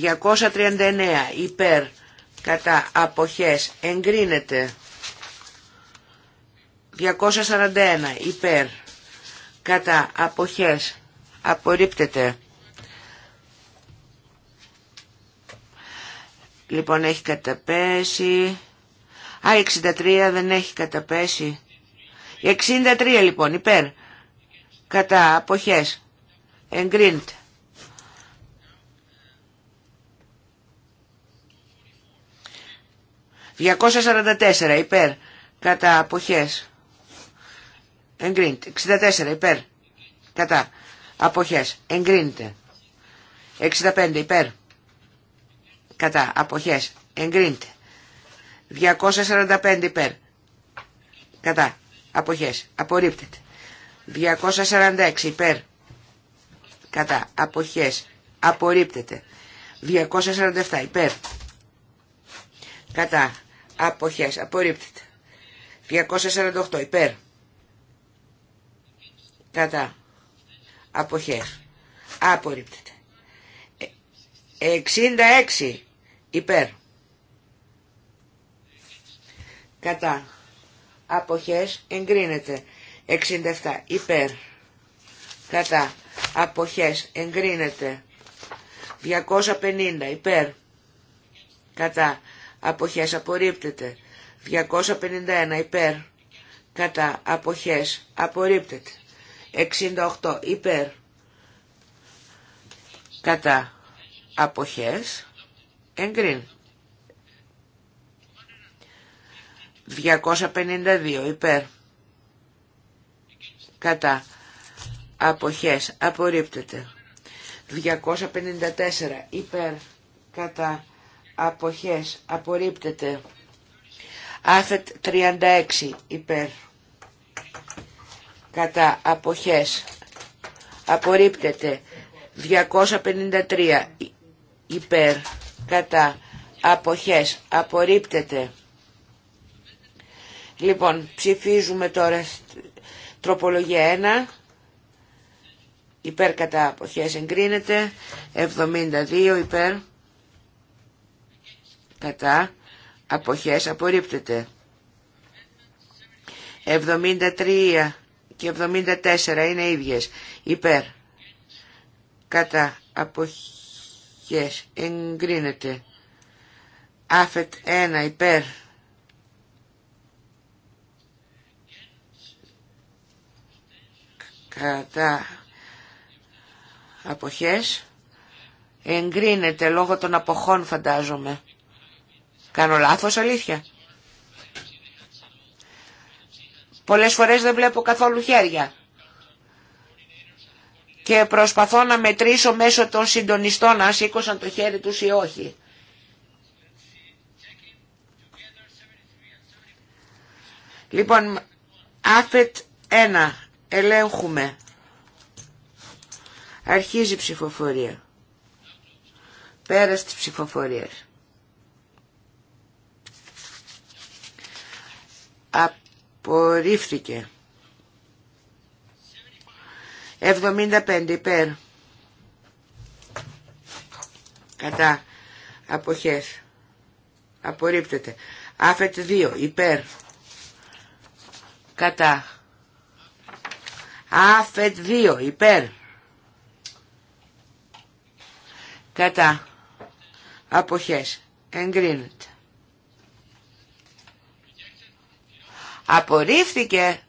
239 υπέρ κατά αποχές εγκρίνεται 241 υπέρ κατά αποχές απορρίπτεται λοιπόν έχει καταπέσει α 63 δεν έχει καταπέσει 63 λοιπόν υπέρ κατά αποχές Εγκρίνεται. 244 υπέρ κατά αποχές εγκρίνεται 64 υπέρ κατά αποχές εγκρίνεται 65 υπέρ κατά αποχές εγκρίνεται 245 υπέρ κατά αποχές απορρίπτεται 246 υπέρ κατά αποχές απορρίπτεται 247 υπέρ κατά αποχές απορρίπτεται 248 υπέρ κατά αποχές απορρίπτεται 66 υπέρ κατά αποχές εγκρίνεται 67 υπέρ κατά αποχές εγκρίνεται 250 υπέρ κατά αποχές απορρίπτεται 251 υπέρ κατά αποχές απορρίπτεται 68 υπέρ κατά αποχές Εγκρίν. 252 υπέρ κατά αποχές απορρίπτεται 254 υπέρ κατά αποχές απορρίπτεται Άφετ 36 υπέρ κατά αποχές απορρίπτεται 253 υπέρ κατά αποχές απορρίπτεται λοιπόν ψηφίζουμε τώρα τροπολογία 1 υπέρ κατά αποχές εγκρίνεται 72 υπέρ κατά αποχές απορρίπτεται 73 και 74 είναι ίδιες υπέρ κατά αποχές εγκρίνεται άφετ 1 υπέρ κατά αποχές εγκρίνεται λόγω των αποχών φαντάζομαι. Κάνω λάθος αλήθεια. Πολλές φορές δεν βλέπω καθόλου χέρια. Και προσπαθώ να μετρήσω μέσω των συντονιστών αν σήκωσαν το χέρι τους ή όχι. Λοιπόν, άφετ 1. Ελέγχουμε. Αρχίζει η ψηφοφορία. Πέρα της ψηφοφορίας. Απορρίφθηκε. 75 υπέρ. Κατά. Αποχές. Απορρίπτεται. Άφετ 2 υπέρ. Κατά. Άφετ 2 υπέρ. κατά αποχές εγκρίνεται. Απορρίφθηκε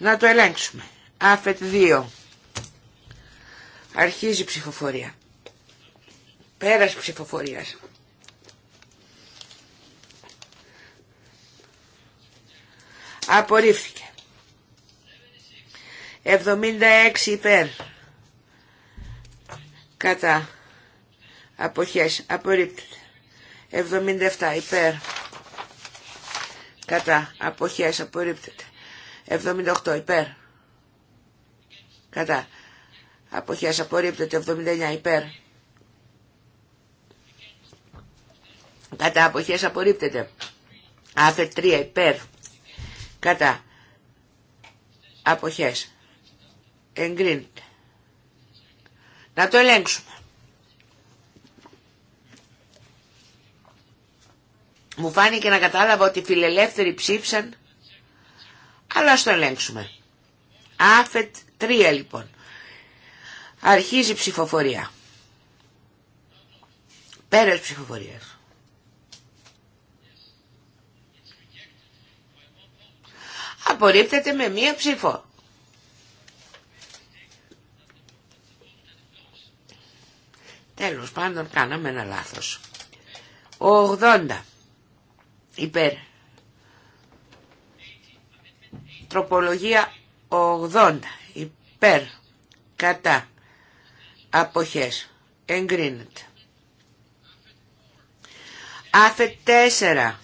Να το ελέγξουμε. Άφετ 2. Αρχίζει η ψηφοφορία. Πέρας ψηφοφορίας. Απορρίφθηκε. 76 υπέρ. Κατά. Αποχές. Απορρίπτεται. 77 υπέρ. Κατά. Αποχές. Απορρίπτεται. 78 υπέρ. Κατά. Αποχές. Απορρίπτεται. 79 υπέρ. Κατά. Αποχές. Απορρίπτεται. Άθε 3 υπέρ κατά αποχές εγκρίνεται. Να το ελέγξουμε. Μου φάνηκε να κατάλαβα ότι οι φιλελεύθεροι ψήψαν, αλλά ας το ελέγξουμε. Άφετ 3 λοιπόν. Αρχίζει ψηφοφορία. Πέρας ψηφοφορίας. απορρίπτεται με μία ψήφο. Τέλος πάντων κάναμε ένα λάθος. 80 υπέρ. Τροπολογία 80 υπέρ κατά αποχές εγκρίνεται. Άφε 4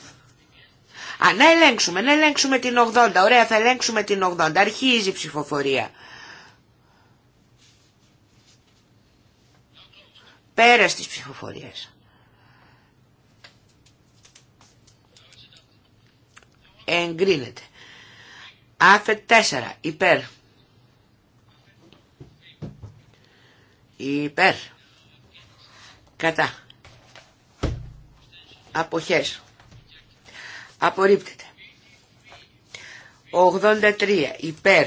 Α, να ελέγξουμε, να ελέγξουμε την 80. Ωραία, θα ελέγξουμε την 80. Αρχίζει η ψηφοφορία. Πέρα στις ψηφοφορίες. Εγκρίνεται. Άφε 4. Υπέρ. Υπέρ. Κατά. Αποχές. Απορρίπτεται. 83 υπέρ.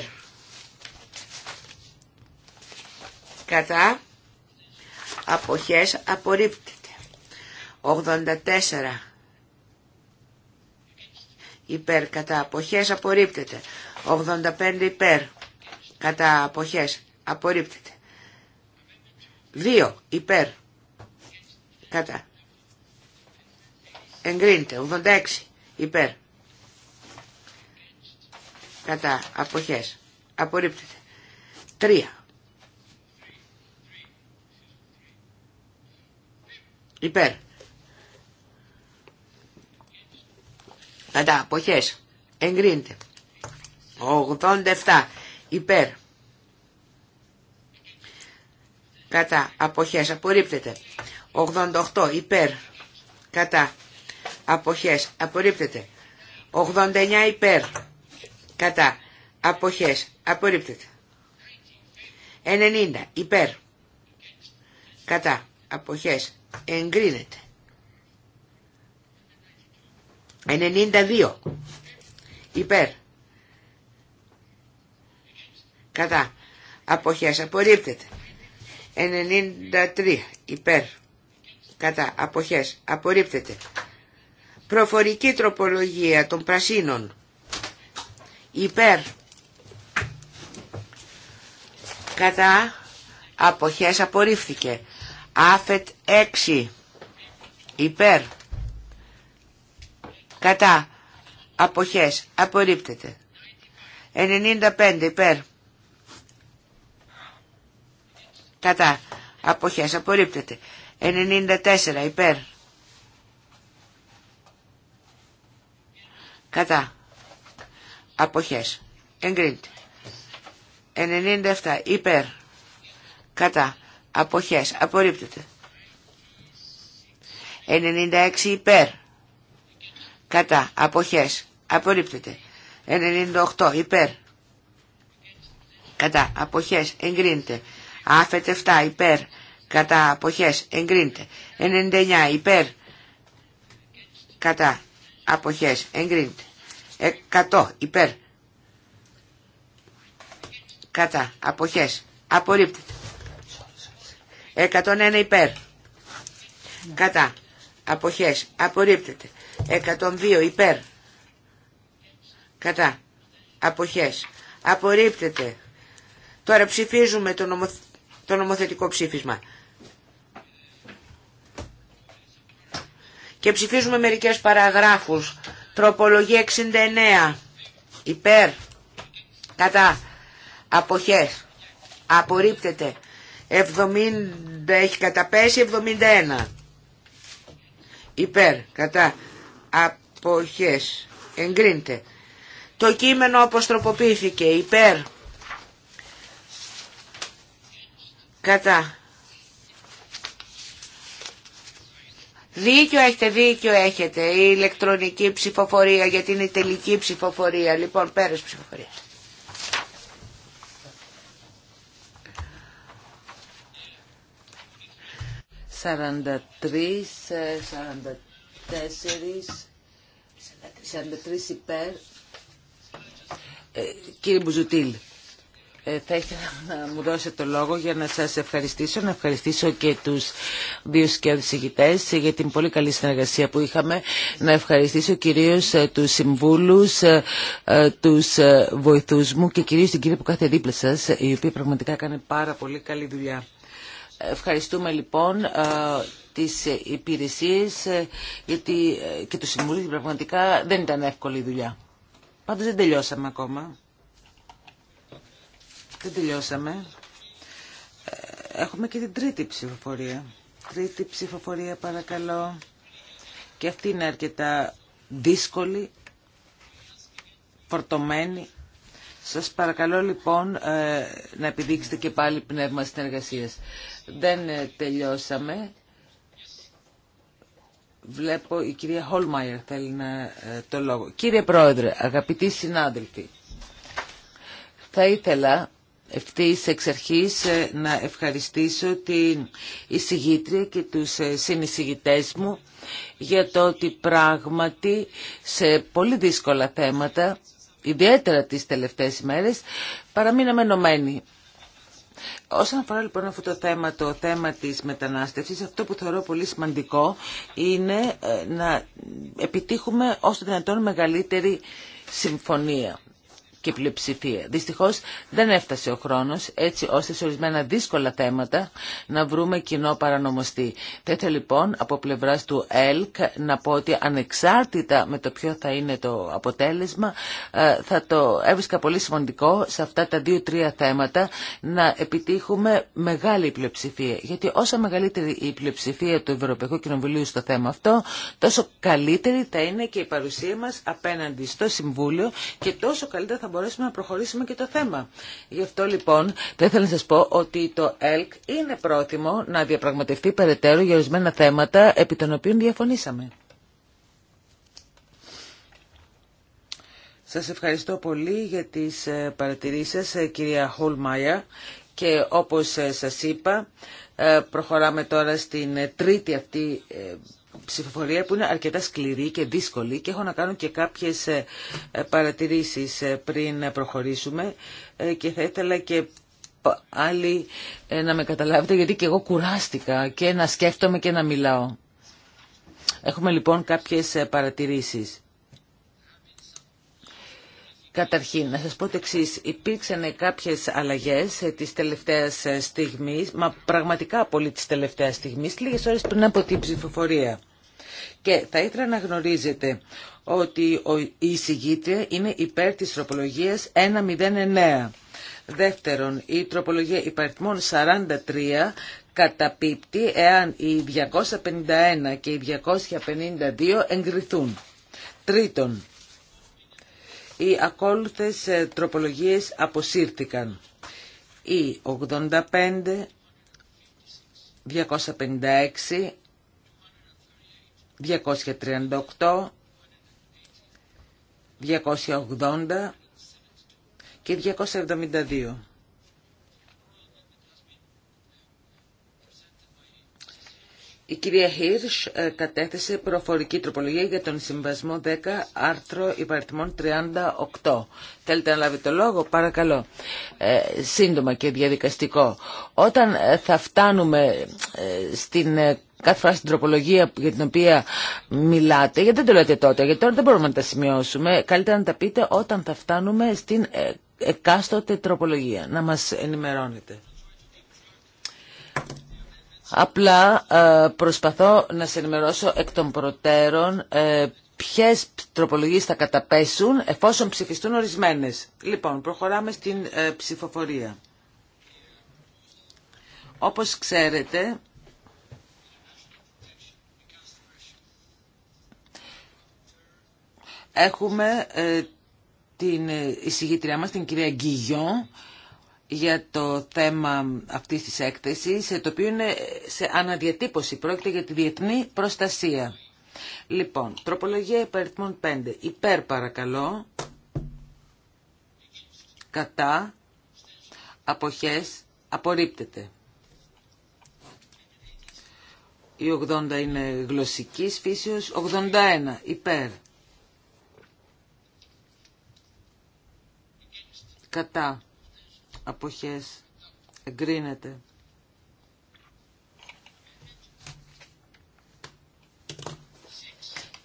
Κατά. Αποχές απορρίπτεται. 84 υπέρ κατά αποχές απορρίπτεται. 85 υπέρ κατά αποχές απορρίπτεται. 2 υπέρ κατά εγκρίνεται. 86 υπέρ κατά αποχές απορρίπτεται 3 υπέρ κατά αποχές εγκρίνεται 87 υπέρ κατά αποχές απορρίπτεται 88 υπέρ κατά αποχές απορρίπτεται 89 υπέρ κατά αποχές απορρίπτεται 90 υπέρ κατά αποχές εγκρίνεται 92 υπέρ κατά αποχές απορρίπτεται 93 υπέρ κατά αποχές απορρίπτεται Προφορική τροπολογία των πρασίνων. Υπέρ. Κατά. Αποχές απορρίφθηκε. Άφετ 6. Υπέρ. Κατά. Αποχές. Απορρίπτεται. 95. Υπέρ. Κατά. Αποχές. Απορρίπτεται. 94. Υπέρ. Κατά. Αποχές. Εγκρίνεται. 97. Υπέρ. Κατά. Αποχές. Απορρίπτεται. 96. Υπέρ. Κατά. Αποχές. Απορρίπτεται. 98. Υπέρ. Κατά. Αποχές. Εγκρίνεται. Άφετε 7. Υπέρ. Κατά. Αποχές. Εγκρίνεται. 99. Υπέρ. Κατά. Αποχές. Εγκρίνεται. 100 υπέρ κατά αποχές απορρίπτεται 101 υπέρ κατά αποχές απορρίπτεται 102 υπέρ κατά αποχές απορρίπτεται τώρα ψηφίζουμε το, το νομοθετικό ψήφισμα και ψηφίζουμε μερικές παραγράφους Τροπολογία 69. Υπέρ. Κατά. Αποχές. Απορρίπτεται. 70 έχει καταπέσει. 71. Υπέρ. Κατά. Αποχές. Εγκρίνεται. Το κείμενο τροποποιήθηκε, Υπέρ. Κατά. Δίκιο έχετε, δίκιο έχετε. Η ηλεκτρονική ψηφοφορία γιατί είναι η τελική ψηφοφορία. Λοιπόν, πέρας ψηφοφορία. Σαραντατρεις, ε, σαραντατέσσερις, σαραντατρεις υπέρ. Ε, κύριε Μπουζουτήλ. Ε, θα ήθελα να μου δώσετε το λόγο για να σας ευχαριστήσω, να ευχαριστήσω και τους δύο συγκεκριτές για την πολύ καλή συνεργασία που είχαμε, να ευχαριστήσω κυρίως ε, τους συμβούλους, ε, τους βοηθούς μου και κυρίως την κυρία που κάθε δίπλα σας, η οποία πραγματικά κάνει πάρα πολύ καλή δουλειά. Ευχαριστούμε λοιπόν τις υπηρεσίες γιατί και τους συμβούλους πραγματικά δεν ήταν εύκολη η δουλειά. Πάντως δεν τελειώσαμε ακόμα. Δεν τελειώσαμε. Ε, έχουμε και την τρίτη ψηφοφορία. Τρίτη ψηφοφορία παρακαλώ. Και αυτή είναι αρκετά δύσκολη, φορτωμένη. Σας παρακαλώ λοιπόν ε, να επιδείξετε και πάλι πνεύμα συνεργασίας. Δεν ε, τελειώσαμε. Βλέπω η κυρία Χολμάιερ θέλει να το λόγο. Κύριε Πρόεδρε, αγαπητοί συνάδελφοι, θα ήθελα ευθύς εξ αρχής ε, να ευχαριστήσω την εισηγήτρια και τους ε, συνεισηγητές μου για το ότι πράγματι σε πολύ δύσκολα θέματα, ιδιαίτερα τις τελευταίες μέρες, παραμείναμε ενωμένοι. Όσον αφορά λοιπόν αυτό το θέμα, το θέμα της μετανάστευσης, αυτό που θεωρώ πολύ σημαντικό είναι ε, να επιτύχουμε όσο δυνατόν μεγαλύτερη συμφωνία και πλειοψηφία. Δυστυχώς δεν έφτασε ο χρόνος έτσι ώστε σε ορισμένα δύσκολα θέματα να βρούμε κοινό παρανομοστή. Θα λοιπόν από πλευράς του ΕΛΚ να πω ότι ανεξάρτητα με το ποιο θα είναι το αποτέλεσμα ε, θα το έβρισκα πολύ σημαντικό σε αυτά τα δύο-τρία θέματα να επιτύχουμε μεγάλη πλειοψηφία. Γιατί όσο μεγαλύτερη η πλειοψηφία του Ευρωπαϊκού Κοινοβουλίου στο θέμα αυτό τόσο καλύτερη θα είναι και η παρουσία μας απέναντι στο Συμβούλιο και τόσο καλύτερα θα θα μπορέσουμε να προχωρήσουμε και το θέμα. Γι' αυτό λοιπόν θα ήθελα να σας πω ότι το ΕΛΚ είναι πρόθυμο να διαπραγματευτεί περαιτέρω για ορισμένα θέματα επί των οποίων διαφωνήσαμε. Σας ευχαριστώ πολύ για τις ε, παρατηρήσεις ε, κυρία Χολμάια. Και όπως ε, σας είπα, προχωράμε τώρα στην τρίτη αυτή ψηφοφορία που είναι αρκετά σκληρή και δύσκολη και έχω να κάνω και κάποιες ε, ε, παρατηρήσεις ε, πριν προχωρήσουμε και θα ήθελα και άλλοι να με καταλάβετε γιατί και εγώ κουράστηκα και να σκέφτομαι και να μιλάω. Έχουμε λοιπόν κάποιες παρατηρήσεις. Καταρχήν, να σας πω το εξή Υπήρξαν κάποιες αλλαγές της τελευταίας στιγμής, μα πραγματικά πολύ της τελευταίας στιγμής, λίγες ώρες πριν από την ψηφοφορία. Και θα ήθελα να γνωρίζετε ότι η εισηγήτρια είναι υπέρ της τροπολογίας 109. Δεύτερον, η τροπολογία υπαριθμών 43 καταπίπτει εάν οι 251 και οι 252 εγκριθούν. Τρίτον, οι ακόλουθες ε, τροπολογίες αποσύρθηκαν. Οι 85, 256, 238, 280 και 272. Η κυρία Χίρς ε, κατέθεσε προφορική τροπολογία για τον συμβασμό 10 άρθρο υπαριθμών 38. Θέλετε να λάβετε το λόγο, παρακαλώ. Ε, σύντομα και διαδικαστικό. Όταν ε, θα φτάνουμε ε, στην κάθε φορά στην τροπολογία για την οποία μιλάτε, γιατί δεν το λέτε τότε, γιατί τώρα δεν μπορούμε να τα σημειώσουμε, καλύτερα να τα πείτε όταν θα φτάνουμε στην εκάστοτε τροπολογία, να μας ενημερώνετε. Απλά ε, προσπαθώ να σε ενημερώσω εκ των προτέρων ε, ποιες τροπολογίες θα καταπέσουν εφόσον ψηφιστούν ορισμένες. Λοιπόν, προχωράμε στην ε, ψηφοφορία. Όπως ξέρετε, έχουμε την εισηγήτριά μας, την κυρία Γκυγιό, για το θέμα αυτής της έκθεσης, το οποίο είναι σε αναδιατύπωση, πρόκειται για τη διεθνή προστασία. Λοιπόν, τροπολογία υπαριθμών 5. Υπέρ παρακαλώ, κατά, αποχές, απορρίπτεται. Η 80 είναι γλωσσικής φύσεως, 81 υπέρ. Κατά αποχές εγκρίνεται.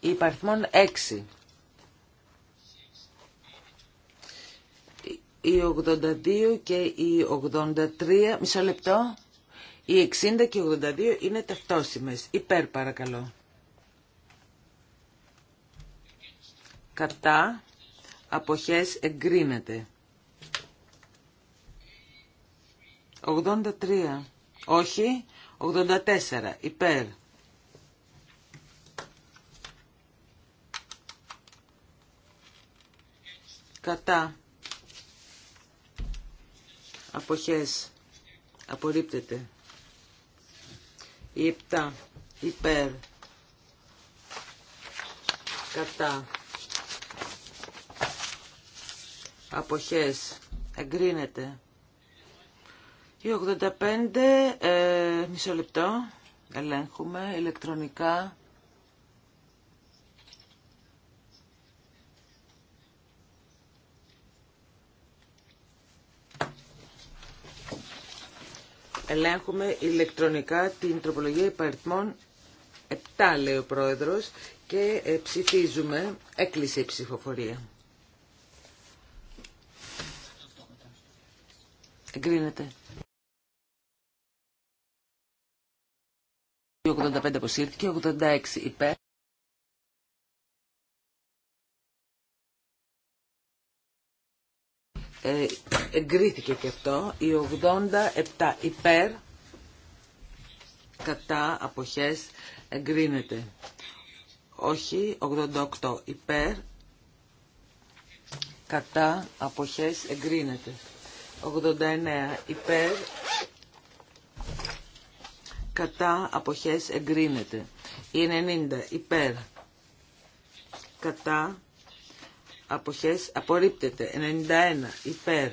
Υπαριθμόν 6. Οι 82 και οι 83, μισό λεπτό, οι 60 και οι 82 είναι ταυτόσιμες. Υπέρ παρακαλώ. Κατά αποχές εγκρίνεται. 83. Όχι. 84. Υπέρ. Κατά. Αποχές. Απορρίπτεται. Η 7. Υπέρ. Κατά. Αποχές. Εγκρίνεται. Η 85, ε, μισό λεπτό, ελέγχουμε ηλεκτρονικά. Ελέγχουμε ηλεκτρονικά την τροπολογία υπαριθμών 7, λέει ο Πρόεδρος, και ε, ψηφίζουμε. Έκλεισε η ψηφοφορία. Εγκρίνεται. 85 αποσύρθηκε, 86 υπέρ. Ε, εγκρίθηκε και αυτό, η 87 υπέρ, κατά, αποχές, εγκρίνεται. Όχι, 88 υπέρ, κατά, αποχές, εγκρίνεται. 89 υπέρ, κατά αποχές εγκρίνεται. Η 90 υπέρ κατά αποχές απορρίπτεται. 91 υπέρ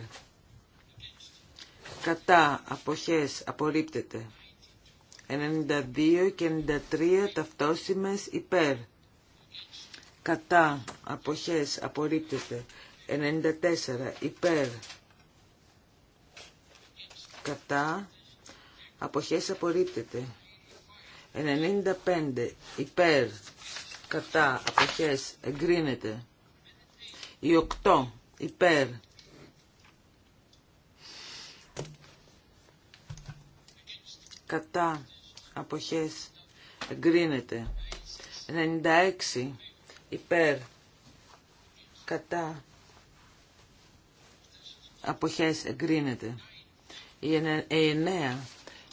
κατά αποχές απορρίπτεται. 92 και 93 ταυτόσιμες υπέρ. Κατά αποχές απορρίπτεται. 94 υπέρ. Κατά αποχές απορρίπτεται. 95 υπέρ κατά αποχές εγκρίνεται. Η 8 υπέρ κατά αποχές εγκρίνεται. 96 υπέρ κατά αποχές εγκρίνεται. Η 9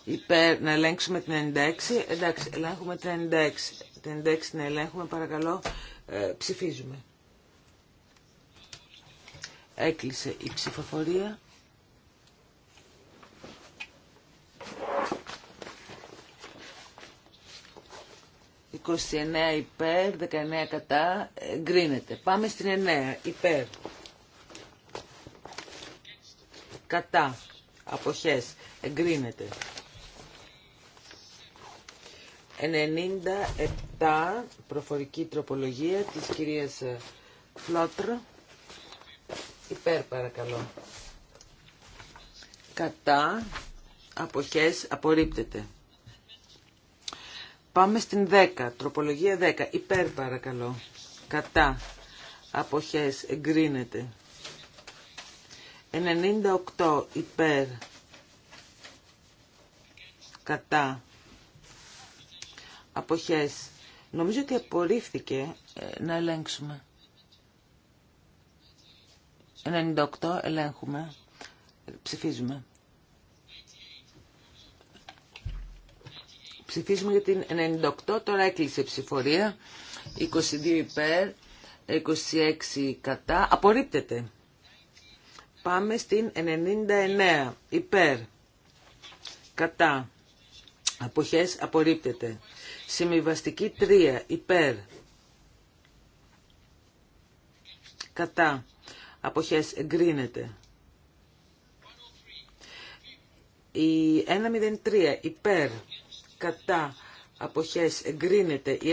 υπέρ, να ελέγξουμε την 96. Εντάξει, ελέγχουμε την 96. Την 96 να ελέγχουμε, παρακαλώ, ε, ψηφίζουμε. Έκλεισε η ψηφοφορία. «29 υπέρ, 19 κατά, εγκρίνεται. Πάμε στην 9, υπέρ. Κατά, αποχές, εγκρίνεται. 97 προφορική τροπολογία της κυρίας ε, Φλότρ. Υπέρ παρακαλώ. Κατά αποχές απορρίπτεται. Πάμε στην 10, τροπολογία 10. Υπέρ παρακαλώ. Κατά αποχές εγκρίνεται. 98 υπέρ. Κατά αποχές. Νομίζω ότι απορρίφθηκε ε, να ελέγξουμε. 98 ελέγχουμε. Ψηφίζουμε. Ψηφίζουμε για την 98, τώρα έκλεισε ψηφορία. 22 υπέρ, 26 κατά. Απορρίπτεται. Πάμε στην 99 υπέρ, κατά. Αποχές απορρίπτεται. Συμβιβαστική 3 υπέρ κατά αποχές εγκρίνεται. Η 103 υπέρ κατά αποχές εγκρίνεται. Η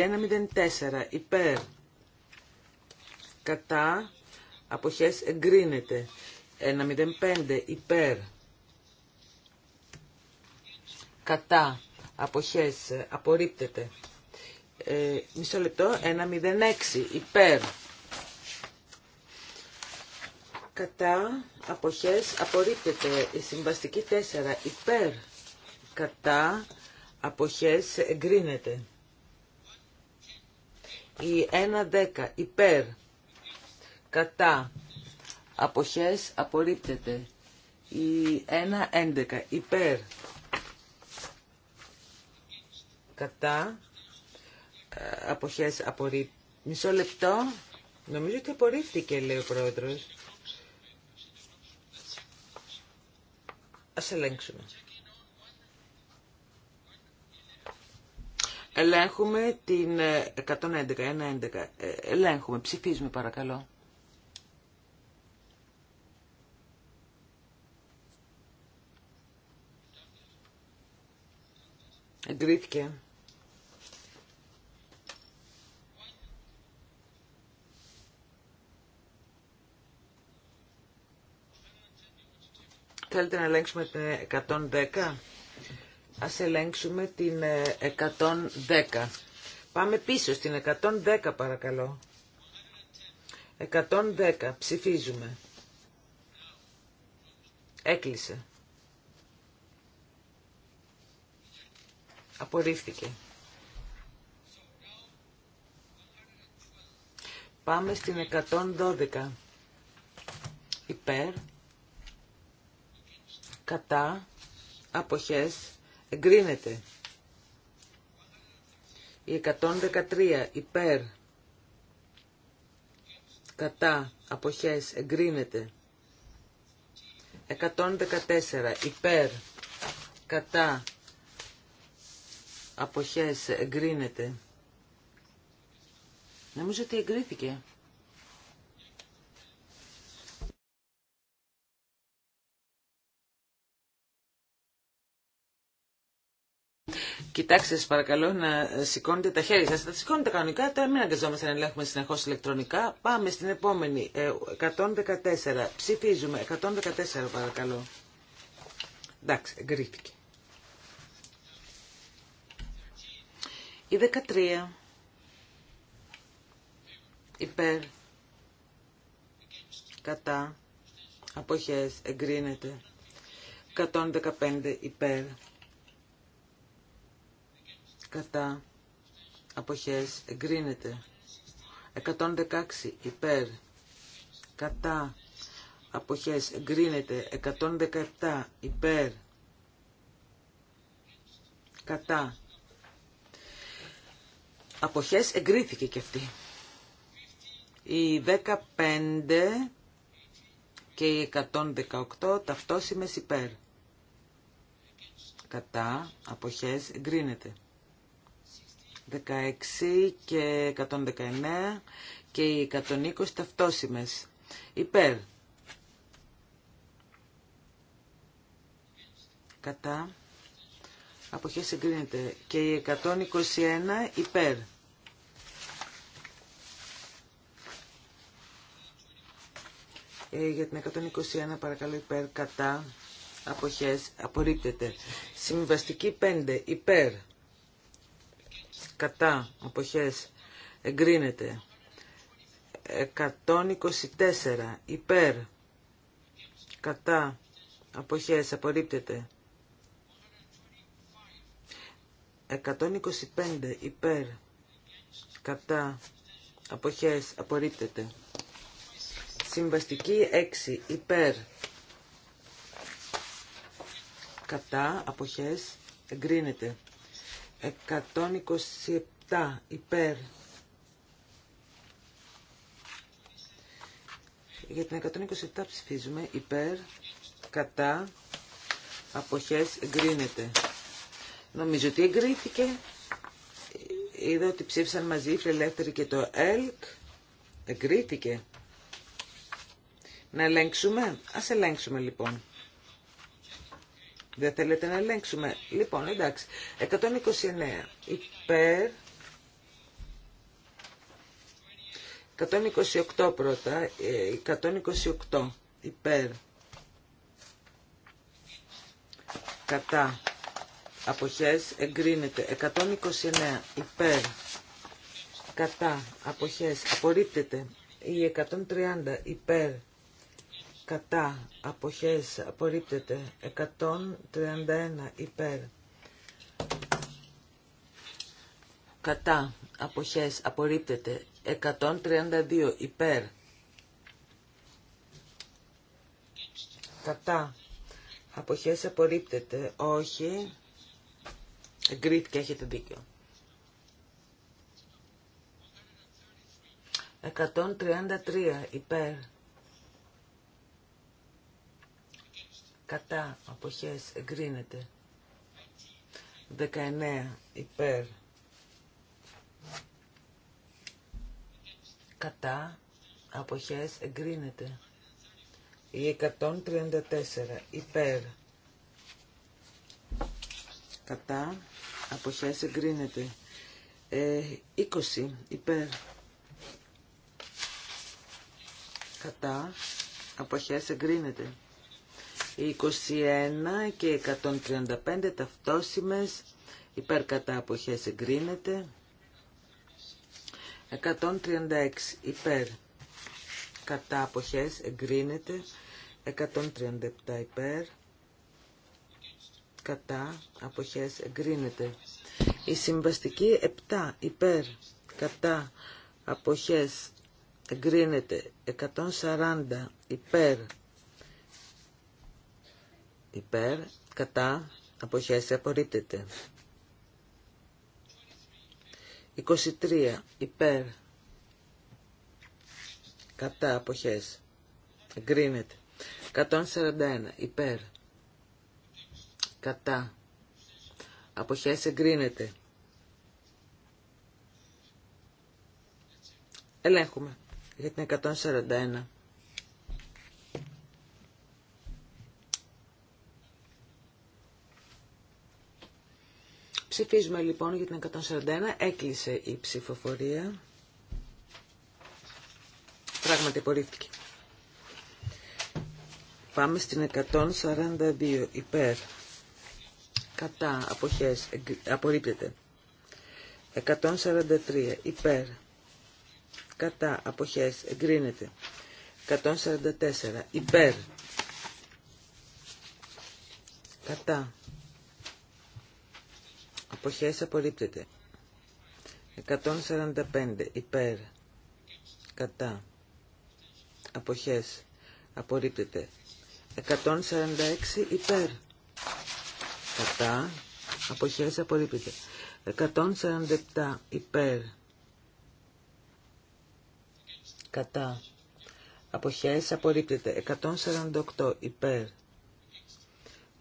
104 υπέρ κατά αποχές εγκρίνεται. 105 υπέρ κατά αποχές ε, απορρίπτεται. Ε, μισό λεπτό, 1.06 υπέρ. Κατά αποχές απορρίπτεται. Η συμβαστική 4 υπέρ. Κατά αποχές εγκρίνεται. Η 1.10 υπέρ. Κατά αποχές απορρίπτεται. Η 1.11 υπέρ κατά, ε, αποχές απορρίπτεται. Μισό λεπτό, νομίζω ότι απορρίφθηκε, λέει ο πρόεδρος. Ας ελέγξουμε. Ελέγχουμε την 111, ε, 111. Ε, ελέγχουμε, ψηφίζουμε παρακαλώ. Εγκρίθηκε. Θέλετε να ελέγξουμε την 110. Ας ελέγξουμε την 110. Ε, Πάμε πίσω στην 110 παρακαλώ. 110. Ψηφίζουμε. Έκλεισε. Απορρίφθηκε. Πάμε στην 112. Υπέρ κατά, αποχές, εγκρίνεται. Η 113 υπέρ, κατά, αποχές, εγκρίνεται. 114 υπέρ, κατά, αποχές, εγκρίνεται. Νομίζω ότι εγκρίθηκε. Κοιτάξτε, σα παρακαλώ να σηκώνετε τα χέρια σα. Τα σηκώνετε κανονικά, τώρα μην αγκαζόμαστε να ελέγχουμε συνεχώ ηλεκτρονικά. Πάμε στην επόμενη. 114. Ε, Ψηφίζουμε. 114, παρακαλώ. Εντάξει, εγκρίθηκε. Η 13. Υπέρ. Κατά. Αποχές. Εγκρίνεται. 115 υπέρ κατά αποχές εγκρίνεται 116 υπέρ κατά αποχές εγκρίνεται 117 υπέρ κατά αποχές εγκρίθηκε και αυτή οι 15 και οι 118 ταυτόσιμες υπέρ κατά αποχές εγκρίνεται 16 και 119 και οι 120 ταυτόσιμες. Υπέρ. Κατά. Αποχέ συγκρίνεται. Και οι 121 υπέρ. Ε, για την 121 παρακαλώ υπέρ. Κατά. Αποχές απορρίπτεται. Συμβαστική 5 υπέρ κατά αποχές εγκρίνεται 124 υπέρ κατά αποχές απορρίπτεται 125 υπέρ κατά αποχές απορρίπτεται συμβαστική 6 υπέρ κατά αποχές εγκρίνεται 127 υπέρ. Για την 127 ψηφίζουμε υπέρ, κατά, αποχές, εγκρίνεται. Νομίζω ότι εγκρίθηκε. Είδα ότι ψήφισαν μαζί η Φιλελεύθερη και το ΕΛΚ. Εγκρίθηκε. Να ελέγξουμε. Ας ελέγξουμε λοιπόν. Δεν θέλετε να ελέγξουμε. Λοιπόν, εντάξει. 129 υπέρ. 128 πρώτα. 128 ε, υπέρ. Κατά. Αποχές εγκρίνεται. 129 υπέρ. Κατά. Αποχές απορρίπτεται. Η 130 υπέρ κατά αποχές απορρίπτεται 131 υπέρ κατά αποχές απορρίπτεται 132 υπέρ κατά αποχές απορρίπτεται όχι εγκρίθηκε έχετε δίκιο 133 υπέρ κατά αποχές εγκρίνεται 19 υπέρ κατά αποχές εγκρίνεται η 134 υπέρ κατά αποχές εγκρίνεται 20 ε, υπέρ κατά αποχές εγκρίνεται οι 21 και 135 ταυτόσιμες υπέρ κατά εγκρίνεται. 136 υπέρ κατά αποχές εγκρίνεται. 137 υπέρ κατά αποχές εγκρίνεται. Η συμβαστική 7 υπέρ κατά αποχές εγκρίνεται. 140 υπέρ υπέρ, κατά, αποχές απορρίπτεται. 23 υπέρ, κατά, αποχέσει. εγκρίνεται. 141 υπέρ, κατά, Αποχέσει εγκρίνεται. Ελέγχουμε για την 141. Ψηφίζουμε λοιπόν για την 141. Έκλεισε η ψηφοφορία. Πράγματι απορρίφθηκε. Πάμε στην 142. Υπέρ. Κατά. Αποχές. Απορρίπτεται. 143. Υπέρ. Κατά. Αποχές. Εγκρίνεται. 144. Υπέρ. Κατά αποχές απορρίπτεται. 145 υπέρ κατά αποχές απορρίπτεται. 146 υπέρ κατά αποχές απορρίπτεται. 147 υπέρ κατά αποχές απορρίπτεται. 148 υπέρ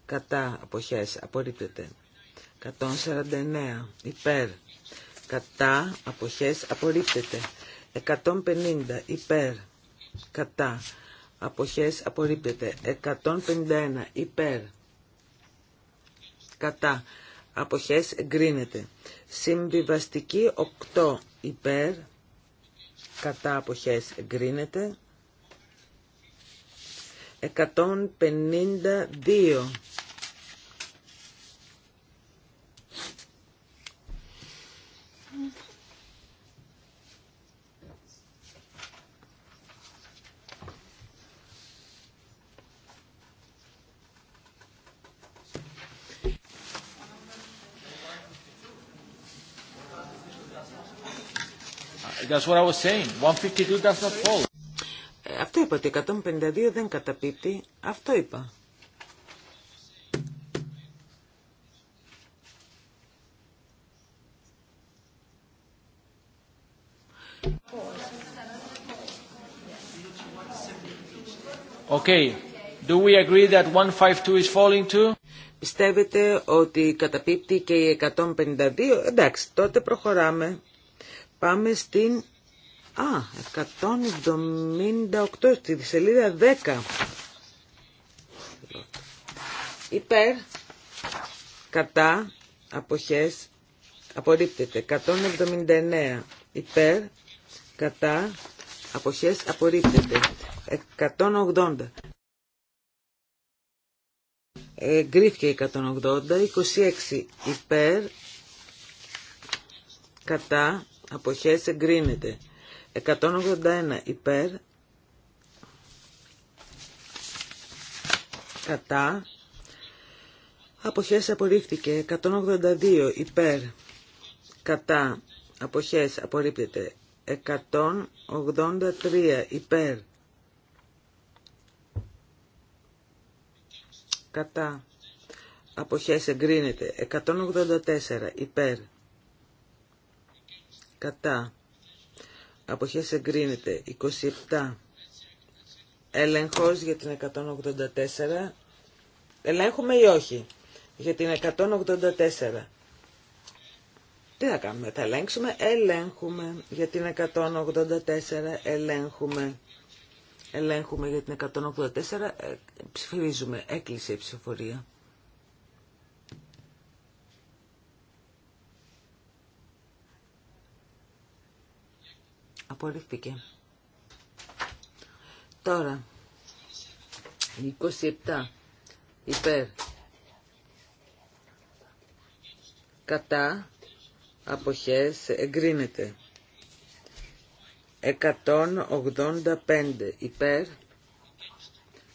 κατά αποχές απορρίπτεται. 149 υπέρ κατά αποχές απορρίπτεται 150 υπέρ κατά αποχές απορρίπτεται 151 υπέρ κατά αποχές εγκρίνεται συμβιβαστική 8 υπέρ κατά αποχές εγκρίνεται 152 That's what I was saying. 152 does not fall. Ε, αυτό είπα ότι 152 δεν καταπίπτει. Αυτό είπα. Okay. Do we agree that 152 is falling too? Πιστεύετε ότι καταπίπτει και η 152. Εντάξει, τότε προχωράμε. Πάμε στην... Α, 178, στη σελίδα 10. Υπέρ, κατά, αποχές, απορρίπτεται. 179, υπέρ, κατά, αποχές, απορρίπτεται. 180. Εγκρίθηκε 180, 26 υπέρ, κατά, αποχές εγκρίνεται 181 υπέρ κατά αποχές απορρίφθηκε 182 υπέρ κατά αποχές απορρίπτεται 183 υπέρ κατά αποχές εγκρίνεται 184 υπέρ κατά αποχές εγκρίνεται 27 έλεγχος για την 184 ελέγχουμε ή όχι για την 184 τι θα κάνουμε, θα ελέγξουμε, ελέγχουμε για την 184, ελέγχουμε, ελέγχουμε για την 184, ε, ψηφίζουμε, έκλεισε η ψηφοφορία. Απορρίφθηκε. Τώρα, 27 υπέρ κατά αποχές εγκρίνεται. 185 υπέρ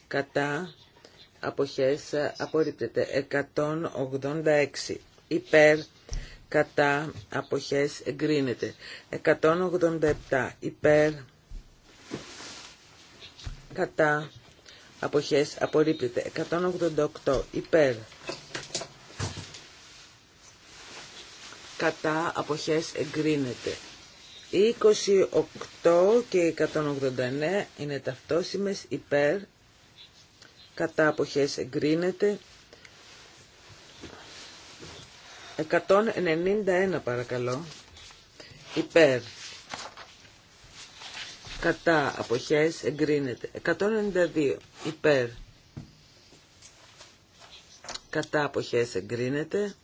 κατά αποχές απορρίπτεται. 186 υπέρ κατά αποχές εγκρίνεται 187 υπέρ κατά αποχές απορρίπτεται 188 υπέρ κατά αποχές εγκρίνεται 28 και 189 είναι ταυτόσιμες υπέρ κατά αποχές εγκρίνεται 191 παρακαλώ. Υπέρ. Κατά αποχές εγκρίνεται. 192 υπέρ. Κατά αποχές εγκρίνεται.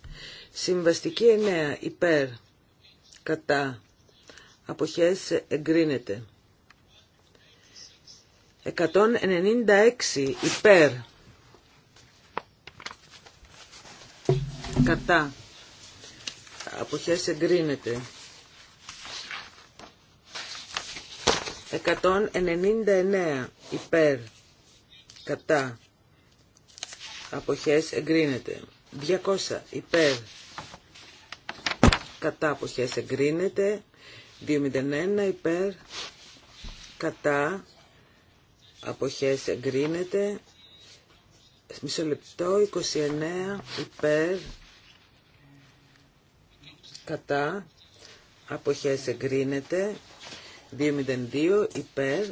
Συμβαστική 9 υπέρ. Κατά αποχές εγκρίνεται. 196 υπέρ. Κατά αποχές εγκρίνεται. 199 υπέρ κατά αποχές εγκρίνεται. 200 υπέρ κατά αποχές εγκρίνεται. 201 υπέρ κατά αποχές εγκρίνεται. Μισό λεπτό, 29 υπέρ κατά αποχές εγκρίνεται 202 υπέρ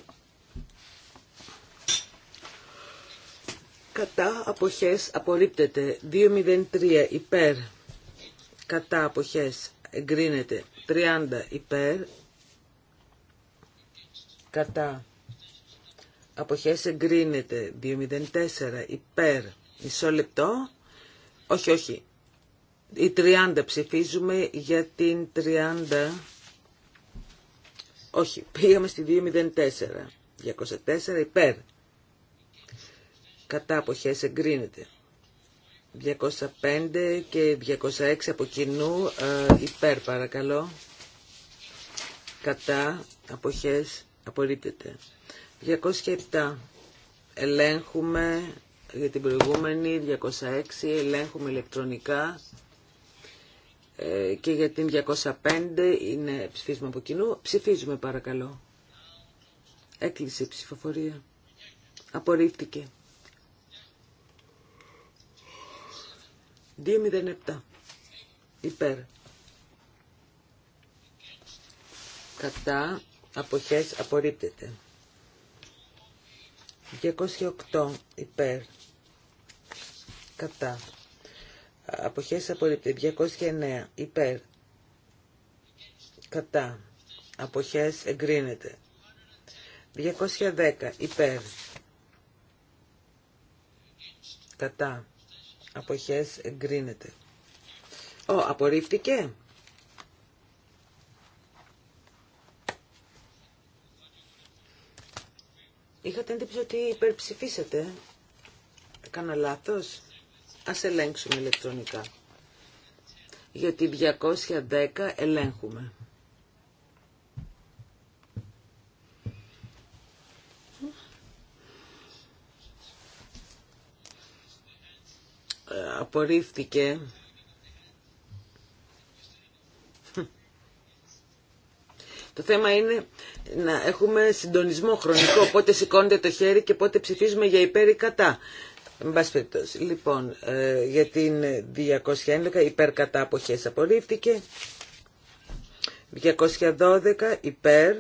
κατά αποχές απορρίπτεται 203 υπέρ κατά αποχές εγκρίνεται 30 υπέρ κατά αποχές εγκρίνεται 204 υπέρ μισό λεπτό όχι όχι η 30 ψηφίζουμε για την 30. Όχι, πήγαμε στη 204. 204 υπέρ. Κατά αποχές εγκρίνεται. 205 και 206 από κοινού ε, υπέρ παρακαλώ. Κατά αποχές απορρίπτεται. 207 ελέγχουμε για την προηγούμενη 206 ελέγχουμε ηλεκτρονικά ε, και για την 205 είναι ψηφίσμα από κοινού. Ψηφίζουμε παρακαλώ. Έκλεισε η ψηφοφορία. Απορρίφθηκε. 2.07. Υπέρ. Κατά αποχές απορρίπτεται. 208 υπέρ. Κατά αποχές απορρίπτεται 209 υπέρ κατά αποχές εγκρίνεται 210 υπέρ κατά αποχές εγκρίνεται Ο απορρίφθηκε Είχατε εντύπωση ότι υπερψηφίσατε. κανα λάθος. Ας ελέγξουμε ηλεκτρονικά. γιατί 210 ελέγχουμε. Ε, απορρίφθηκε. Το θέμα είναι να έχουμε συντονισμό χρονικό, πότε σηκώνεται το χέρι και πότε ψηφίζουμε για υπέρ ή κατά. Εν πάση λοιπόν, ε, για την 211 υπέρ κατά αποχές απορρίφθηκε. 212 υπέρ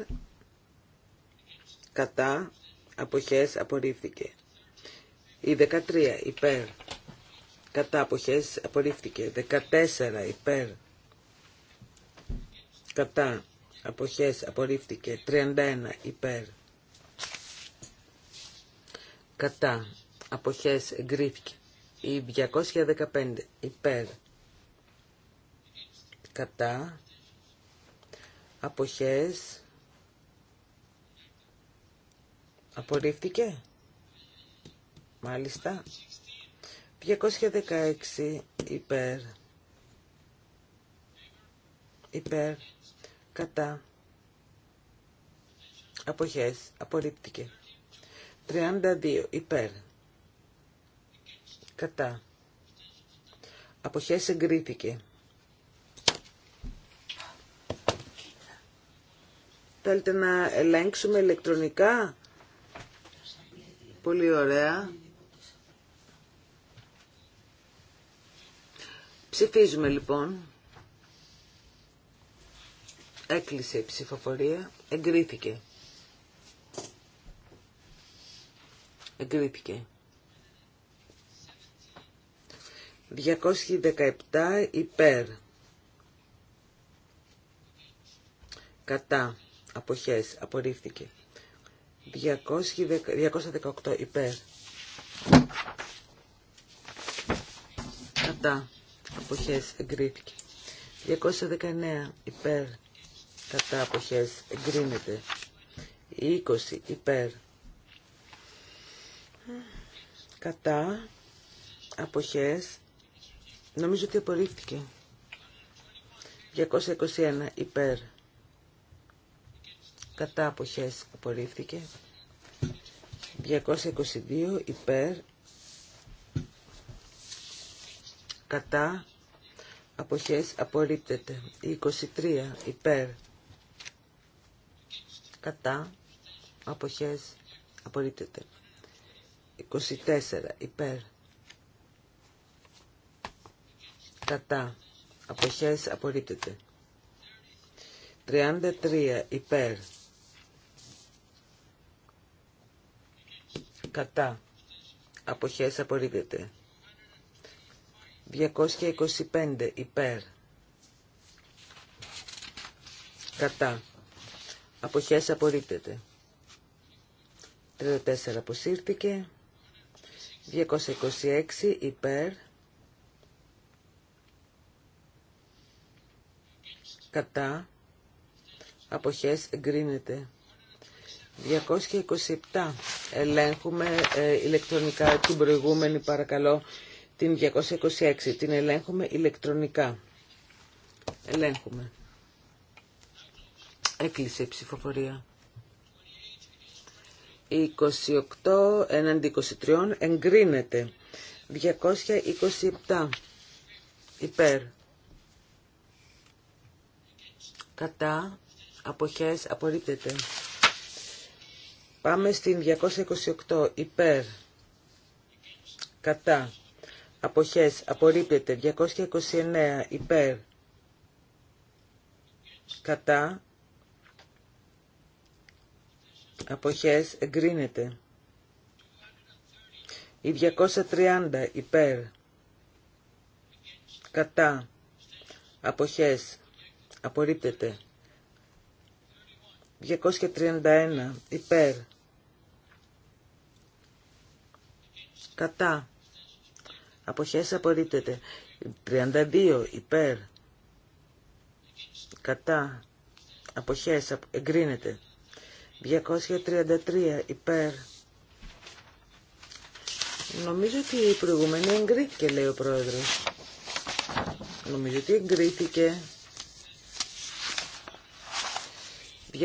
κατά αποχές απορρίφθηκε. Η 13 υπέρ κατά αποχές απορρίφθηκε. 14 υπέρ κατά αποχές απορρίφθηκε. 31 υπέρ κατά αποχές εγκρίθηκε. Η 215 υπέρ κατά αποχές απορρίφθηκε. Μάλιστα. 216 υπέρ υπέρ κατά αποχές απορρίφθηκε. 32 υπέρ Κατά. Αποχές εγκρίθηκε. Θέλετε να ελέγξουμε ηλεκτρονικά. Πολύ ωραία. Ψηφίζουμε λοιπόν. Έκλεισε η ψηφοφορία. Εγκρίθηκε. Εγκρίθηκε. 217 υπέρ. Κατά. Αποχές. Απορρίφθηκε. 218 υπέρ. Κατά. Αποχές. Εγκρίθηκε. 219 υπέρ. Κατά. Αποχές. Εγκρίνεται. 20 υπέρ. Κατά. Αποχές Νομίζω ότι απορρίφθηκε. 221 υπέρ. Κατά αποχές απορρίφθηκε. 222 υπέρ. Κατά αποχές απορρίπτεται. 23 υπέρ. Κατά αποχές απορρίπτεται. 24 υπέρ κατά, αποχές απορρίπτεται. 33 υπέρ, κατά, αποχές απορρίπτεται. 225 υπέρ, κατά, αποχές απορρίπτεται. 34 αποσύρθηκε. 226 υπέρ, κατά αποχές εγκρίνεται. 227 ελέγχουμε ε, ηλεκτρονικά την προηγούμενη παρακαλώ την 226 την ελέγχουμε ηλεκτρονικά ελέγχουμε έκλεισε η ψηφοφορία 28 έναντι 23 εγκρίνεται 227 υπέρ κατά αποχές απορρίπτεται. Πάμε στην 228 υπέρ κατά αποχές απορρίπτεται. 229 υπέρ κατά αποχές εγκρίνεται. Η 230 υπέρ κατά αποχές Απορρίπτεται. 231 υπέρ. Κατά. Αποχές απορρίπτεται. 32 υπέρ. Κατά. Αποχές εγκρίνεται. 233 υπέρ. Νομίζω ότι η προηγούμενη εγκρίθηκε, λέει ο πρόεδρος. Νομίζω ότι εγκρίθηκε.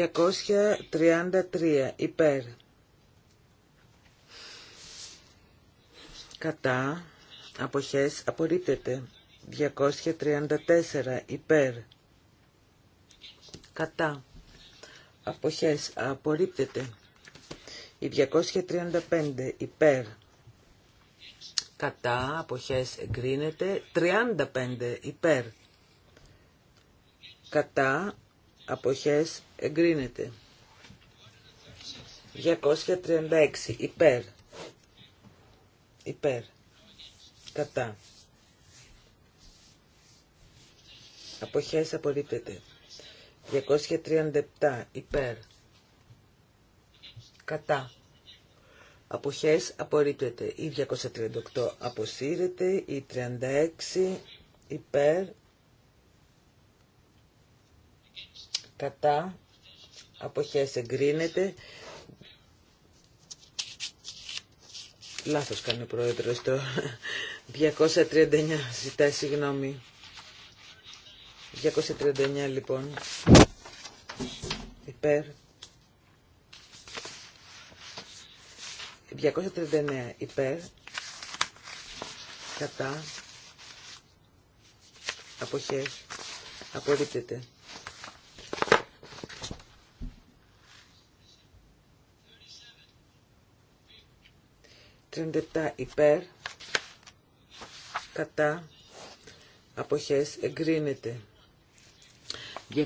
233 υπέρ. Κατά αποχές απορρίπτεται. 234 υπέρ. Κατά αποχές απορρίπτεται. 235 υπέρ. Κατά αποχές εγκρίνεται. 35 υπέρ. Κατά αποχές εγκρίνεται. 236 υπέρ. Υπέρ. Κατά. Αποχές απορρίπτεται. 237 υπέρ. Κατά. Αποχές απορρίπτεται. Η 238 αποσύρεται. Η 36 υπέρ. κατά αποχές εγκρίνεται λάθος κάνει ο πρόεδρος το 239 ζητάει συγγνώμη 239 λοιπόν υπέρ 239 υπέρ κατά αποχές απορρίπτεται 37 υπέρ, κατά, αποχές εγκρίνεται. 241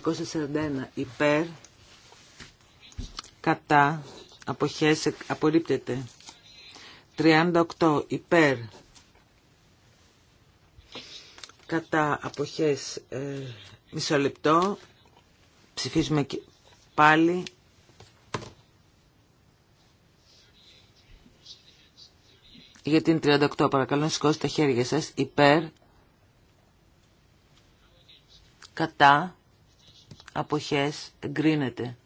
υπέρ, κατά, αποχές απορρίπτεται. 38 υπέρ, κατά, αποχές ε, μισό λεπτό. Ψηφίζουμε πάλι Για την 38 παρακαλώ να σηκώσετε τα χέρια σας υπέρ, κατά, αποχές, εγκρίνεται.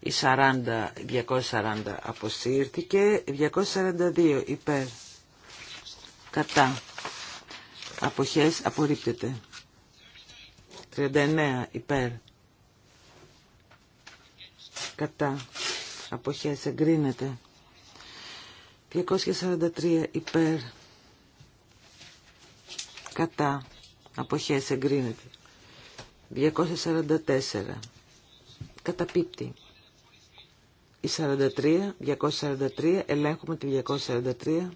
Η 40, 240 αποσύρθηκε, 242 υπέρ, κατά, αποχές, απορρίπτεται. 39 υπέρ, κατά, αποχές, εγκρίνεται. 243 υπέρ κατά αποχές εγκρίνεται 244 καταπίπτει η 43 243 ελέγχουμε τη 243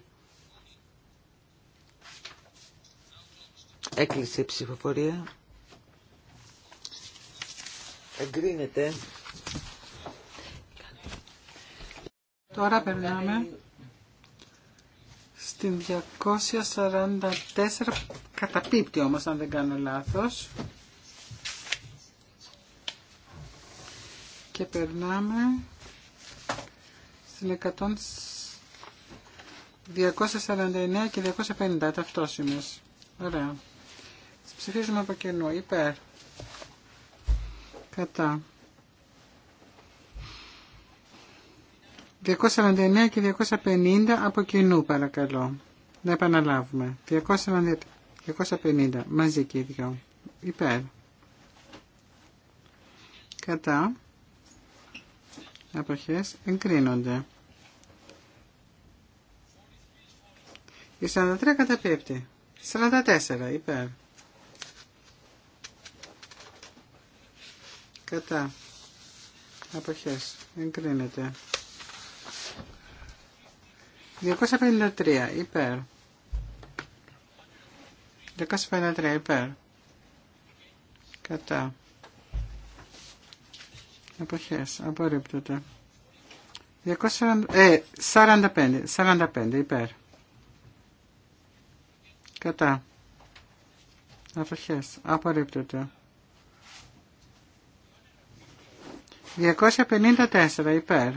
έκλεισε η ψηφοφορία εγκρίνεται Τώρα περνάμε στην 244 καταπίπτει όμως αν δεν κάνω λάθος. Και περνάμε στην 249 και 250 ταυτόσημες. Ωραία. ψηφίζουμε από κενού. Υπέρ. Κατά. 249 και 250 από κοινού παρακαλώ. Να επαναλάβουμε. 249, 250 μαζί και οι δυο. Υπέρ. Κατά. Αποχές εγκρίνονται. Η 43 καταπίπτει. 44 υπέρ. Κατά. Αποχές εγκρίνεται. 253 υπέρ. 253 υπέρ. Κατά. Εποχές. Απορρίπτεται. ε, 45. 45 υπέρ. Κατά. Αποχές. Απορρίπτεται. 254 ε, υπέρ.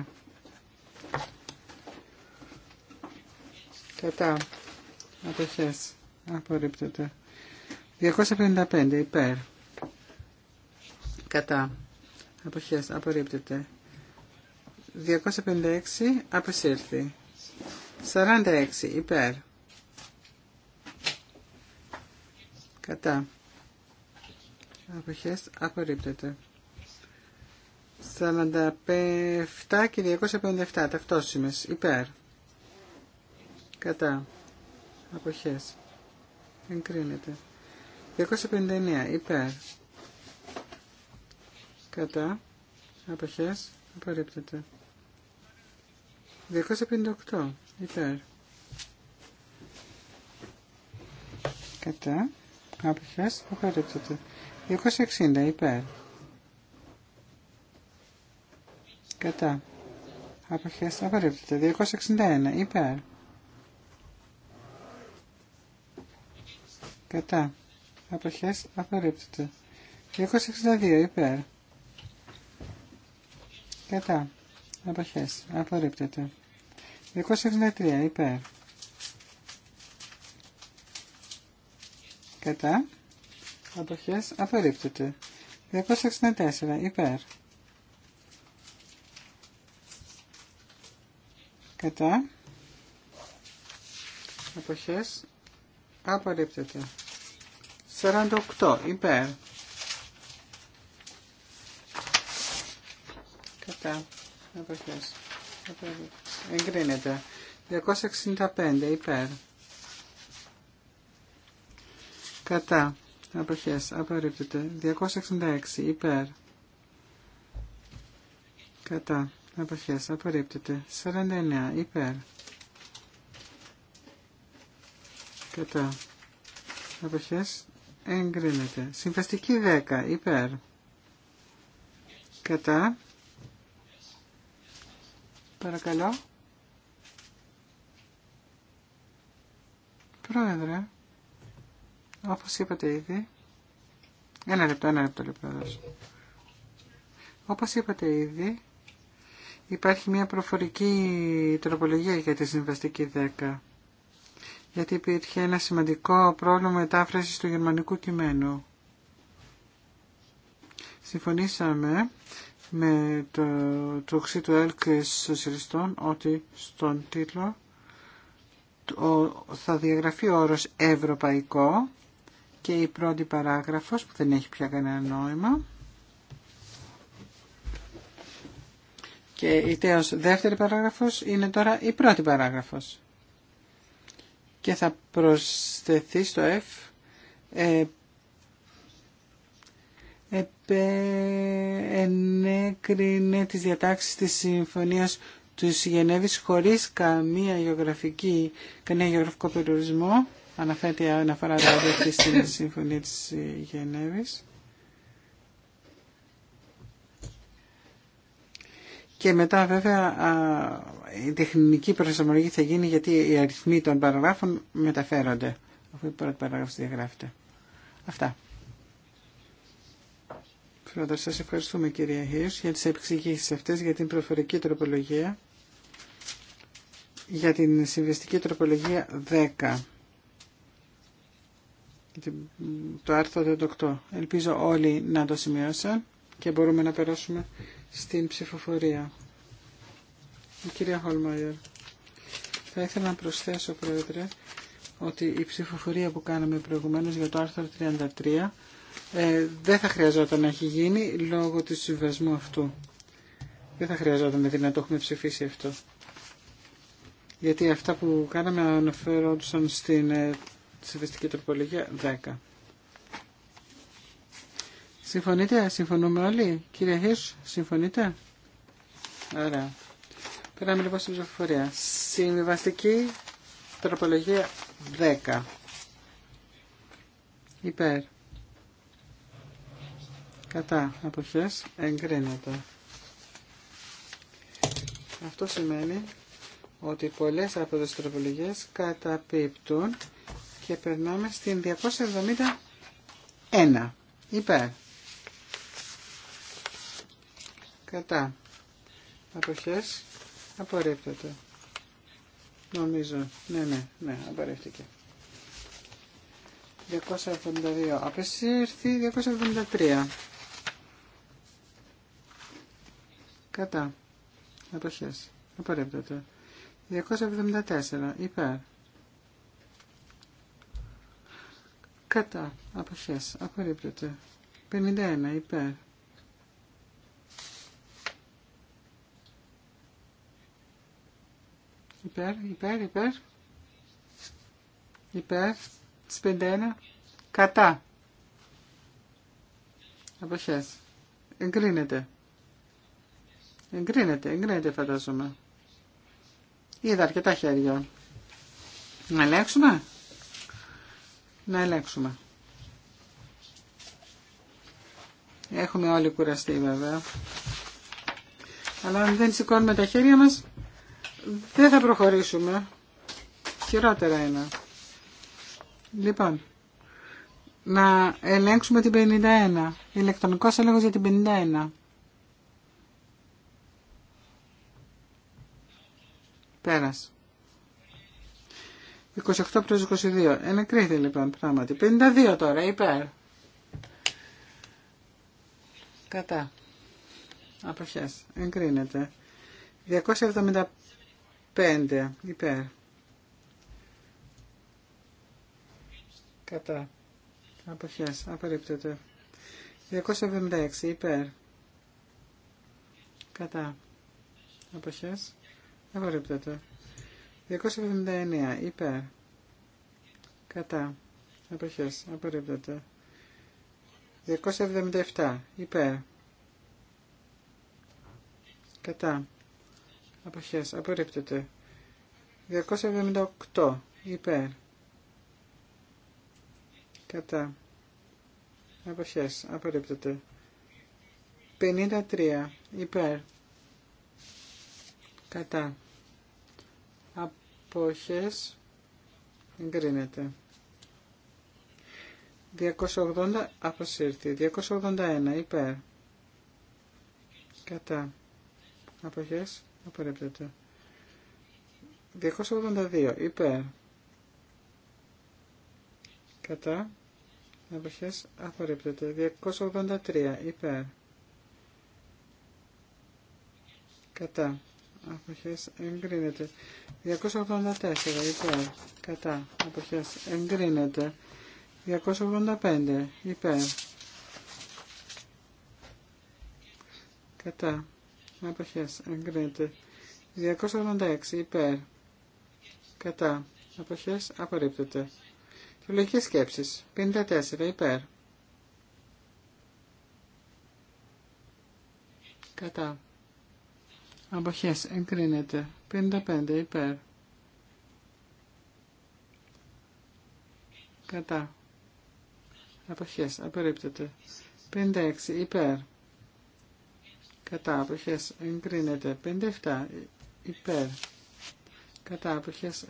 κατά αποχές απορρίπτεται 255 υπέρ κατά αποχές απορρίπτεται 256 απεσύρθη 46 υπέρ κατά αποχές απορρίπτεται 47 και 257 ταυτόσημες υπέρ Κατά. Αποχές. Εγκρίνεται. 259. Υπέρ. Κατά. Αποχές. Απορρίπτεται. 258. Υπέρ. Κατά. Αποχές. Απορρίπτεται. 260. Υπέρ. Κατά. Αποχές. Απορρίπτεται. 261. Υπέρ. Κατά. Αποχές απορρίπτεται. 262 υπέρ. Κατά. Αποχές απορρίπτεται. 263 υπέρ. Κατά. Αποχές απορρίπτεται. 264 υπέρ. Κατά. Αποχές Απορρίπτεται. 48 υπέρ. Κατά. εποχές. Εγκρίνεται. 265 υπέρ. Κατά. εποχές, Απορρίπτεται. 266 υπέρ. Κατά. εποχές, Απορρίπτεται. 49 υπέρ. κατά αποχές εγκρίνεται. Συμφαστική 10 υπέρ κατά παρακαλώ Πρόεδρε, όπως είπατε ήδη, ένα λεπτό, ένα λεπτό λοιπόν. Όπως είπατε ήδη, υπάρχει μια προφορική τροπολογία για τη συμβαστική 10 γιατί υπήρχε ένα σημαντικό πρόβλημα μετάφρασης του γερμανικού κειμένου. Συμφωνήσαμε με το τοξί του ΕΛΚ σοσιαλιστών ότι στον τίτλο θα διαγραφεί ο όρος ευρωπαϊκό και η πρώτη παράγραφος που δεν έχει πια κανένα νόημα και η τέος δεύτερη παράγραφος είναι τώρα η πρώτη παράγραφος και θα προσθεθεί στο F ε, ενέκρινε τις διατάξεις της συμφωνίας του Γενέβης χωρίς καμία γεωγραφική, κανένα γεωγραφικό περιορισμό. Αναφέρεται αναφορά δηλαδή συμφωνία της Γενέβης. Και μετά βέβαια η τεχνική προσαρμογή θα γίνει γιατί οι αριθμοί των παραγράφων μεταφέρονται. Αφού η πρώτη παράγραφος διαγράφεται. Αυτά. Πρώτα σας ευχαριστούμε κυρία Χίους για τις επεξηγήσεις αυτές, για την προφορική τροπολογία, για την συμβεστική τροπολογία 10. Το άρθρο 18. Ελπίζω όλοι να το σημειώσαν και μπορούμε να περάσουμε στην ψηφοφορία. Η κυρία Χολμαϊερ. Θα ήθελα να προσθέσω, Πρόεδρε, ότι η ψηφοφορία που κάναμε προηγουμένως για το άρθρο 33 ε, δεν θα χρειαζόταν να έχει γίνει λόγω του συμβασμού αυτού. Δεν θα χρειαζόταν δηλαδή να το έχουμε ψηφίσει αυτό. Γιατί αυτά που κάναμε αναφέρονταν στην ε, συμβαστική τροπολογία 10. Συμφωνείτε, συμφωνούμε όλοι. Κύριε Χίρς, συμφωνείτε. Ωραία. Περάμε λοιπόν στην ψηφοφορία. Συμβιβαστική τροπολογία 10. Υπέρ. Κατά αποχές εγκρίνεται. Αυτό σημαίνει ότι πολλές από τις τροπολογίες καταπίπτουν και περνάμε στην 271. Υπέρ κατά αποχές απορρίπτεται νομίζω ναι ναι ναι απορρίφθηκε 272 απεσύρθη 273 κατά αποχές απορρίπτεται 274 υπέρ κατά αποχές απορρίπτεται 51 υπέρ Υπέρ, υπέρ, υπέρ. Υπέρ. Τις 51. Κατά. Αποχές. Εγκρίνεται. Εγκρίνεται, εγκρίνεται φαντάζομαι. Είδα αρκετά χέρια. Να ελέγξουμε. Να ελέγξουμε. Έχουμε όλοι κουραστεί βέβαια. Αλλά αν δεν σηκώνουμε τα χέρια μας, δεν θα προχωρήσουμε. Χειρότερα είναι. Λοιπόν, να ελέγξουμε την 51. Ηλεκτρονικός έλεγχος για την 51. Πέρας. 28 προς 22. Ενεκρίθη λοιπόν πράγματι. 52 τώρα, υπέρ. Κατά. Αποχές. Εγκρίνεται. 275 25 υπέρ. Κατά. Αποχές. Απορρίπτεται. 276 υπέρ. Κατά. Αποχές. Απορρίπτεται. 279 υπέρ. Κατά. Αποχές. Απορρίπτεται. 277 υπέρ. Κατά αποχές απορρίπτεται 278 υπέρ κατά αποχές απορρίπτεται 53 υπέρ κατά αποχές εγκρίνεται 280 αποσύρθη 281 υπέρ κατά αποχές Απορρίπτεται. 282. Υπέρ. Κατά. Αποχές. Απορρίπτεται. 283. Υπέρ. Κατά. Αποχές. Εγκρίνεται. 284. Υπέρ. Κατά. Αποχές. Εγκρίνεται. 285. Υπέρ. Κατά αποχές εγκρίνεται 286 υπέρ κατά αποχές απορρίπτεται Λογικές σκέψεις 54 υπέρ κατά αποχές εγκρίνεται 55 υπέρ κατά αποχές απορρίπτεται 56 υπέρ κατά εγκρίνεται 57 υπέρ κατά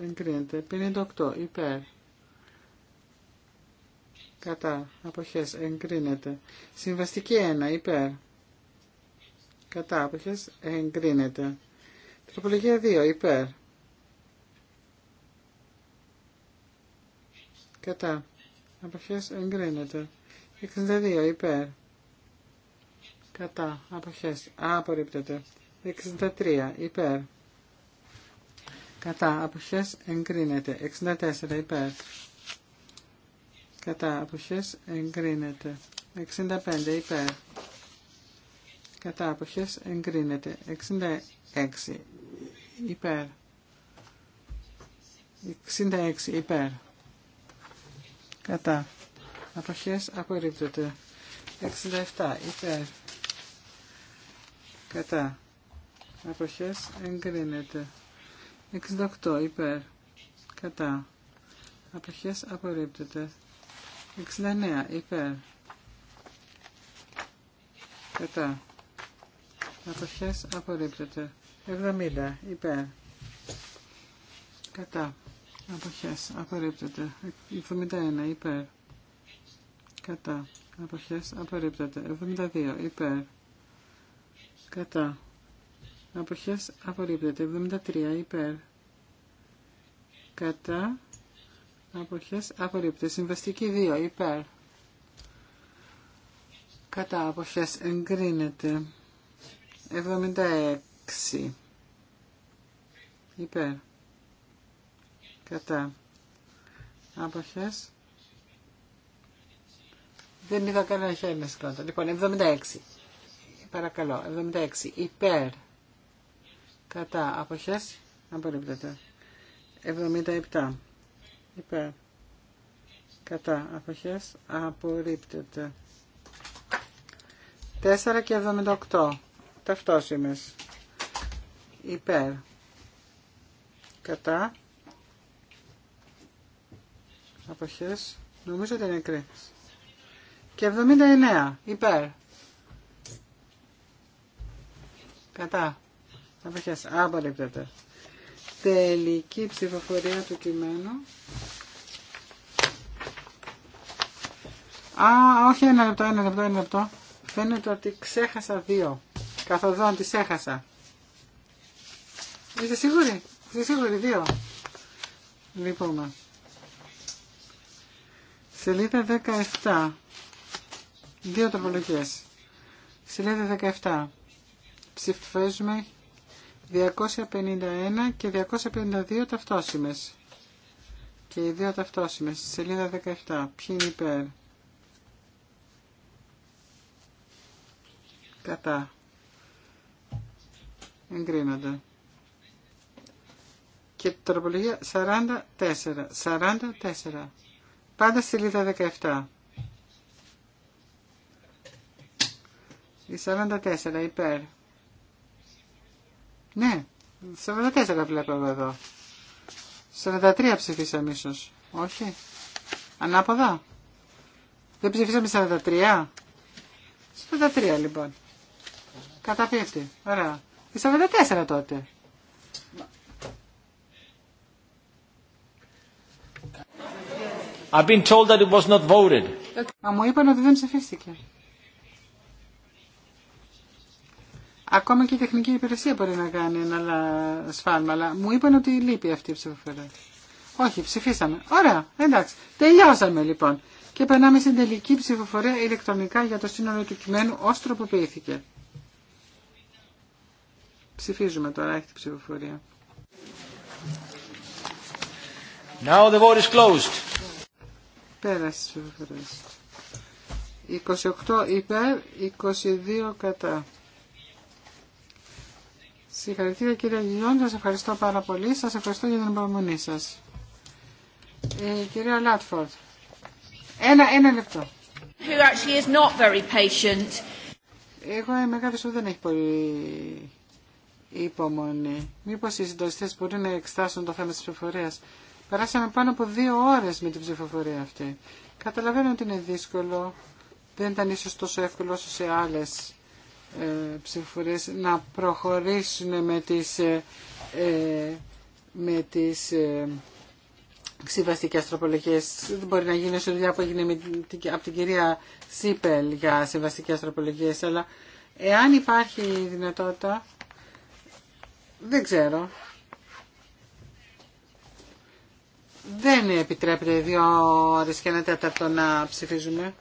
εγκρίνεται 58 υπέρ κατά αποχές εγκρίνεται συμβαστική 1 υπέρ κατά αποχές εγκρίνεται τροπολογία 2 υπέρ κατά αποχές εγκρίνεται 62 υπέρ Κατά. Αποχές. Απορρίπτεται. 63. Υπέρ. Κατά. Αποχές. Εγκρίνεται. 64. Υπέρ. Κατά. Αποχές. Εγκρίνεται. 65. Υπέρ. Κατά. Αποχές. Εγκρίνεται. 66. Υπέρ. 66. Υπέρ. Κατά. Αποχές. Απορρίπτεται. 67. Υπέρ κατά αποχές εγκρίνεται 68 υπέρ κατά αποχές απορρίπτεται 69 υπέρ κατά αποχές απορρίπτεται 70 υπέρ κατά αποχές απορρίπτεται 71 υπέρ κατά αποχές απορρίπτεται 72 υπέρ κατά αποχές απορρίπτεται 73 υπέρ κατά αποχές απορρίπτεται συμβαστική 2 υπέρ κατά αποχές εγκρίνεται 76 υπέρ κατά αποχές δεν είδα κανένα χέρι να σηκώνεται. Λοιπόν, 76. Παρακαλώ. 76. Υπέρ. Κατά. Αποχές. Απορρίπτεται. 77. Υπέρ. Κατά. Αποχές. Απορρίπτεται. 4 και 78. Ταυτόσημες. Υπέρ. Κατά. Αποχές. Νομίζω ότι είναι κρίμα. Και 79. Υπέρ. Κατά. Αποχές. Απορρίπτεται. Τελική ψηφοφορία του κειμένου. Α, όχι ένα λεπτό, ένα λεπτό, ένα λεπτό. Φαίνεται ότι ξέχασα δύο. Καθοδόν τις έχασα. Είστε σίγουροι. Είστε σίγουροι δύο. Λοιπόν. Σελίδα 17. Δύο τροπολογίε. Σελίδα 17 ψηφίζουμε 251 και 252 ταυτόσημες. Και οι δύο ταυτόσημες σελίδα 17. Ποιοι είναι υπέρ. Κατά. Εγκρίνονται. Και τροπολογία 44. 44. Πάντα σελίδα 17. Η 44 υπέρ. Ναι, 44 βλέπω εγώ εδώ. 43 ψηφίσαμε ίσως. Όχι. Ανάποδα. Δεν ψηφίσαμε 43. 43 λοιπόν. Καταπίπτει. Ωραία. Η 44 τότε. I've been told that it was not voted. Μα μου είπαν ότι δεν ψηφίστηκε. Ακόμα και η τεχνική υπηρεσία μπορεί να κάνει ένα σφάλμα, αλλά μου είπαν ότι λείπει αυτή η ψηφοφορία. Όχι, ψηφίσαμε. Ωραία, εντάξει. Τελειώσαμε λοιπόν. Και περνάμε στην τελική ψηφοφορία ηλεκτρονικά για το σύνολο του κειμένου ω τροποποιήθηκε. Ψηφίζουμε τώρα, έχει την ψηφοφορία. Now the vote is closed. Πέρασε τη ψηφοφορία. 28 υπέρ, 22 κατά. Συγχαρητήρια κύριε Γιλιόν, σας ευχαριστώ πάρα πολύ. Σας ευχαριστώ για την υπομονή σας. Ε, κυρία Λάτφορντ, ένα, ένα λεπτό. Εγώ είμαι κάποιος που δεν έχει πολύ υπομονή. Μήπως οι συντονιστές μπορεί να εξτάσουν το θέμα της ψηφοφορίας. Περάσαμε πάνω από δύο ώρες με την ψηφοφορία αυτή. Καταλαβαίνω ότι είναι δύσκολο. Δεν ήταν ίσως τόσο εύκολο όσο σε άλλες ε, ψηφορές να προχωρήσουν με τις, ε, ε, με τις συμβαστικές τροπολογίες. Δεν μπορεί να γίνει όσο δουλειά που έγινε από την κυρία Σίπελ για συμβαστικές τροπολογίες, αλλά εάν υπάρχει δυνατότητα, δεν ξέρω. Δεν επιτρέπεται δύο ώρες και ένα τέταρτο να ψηφίζουμε.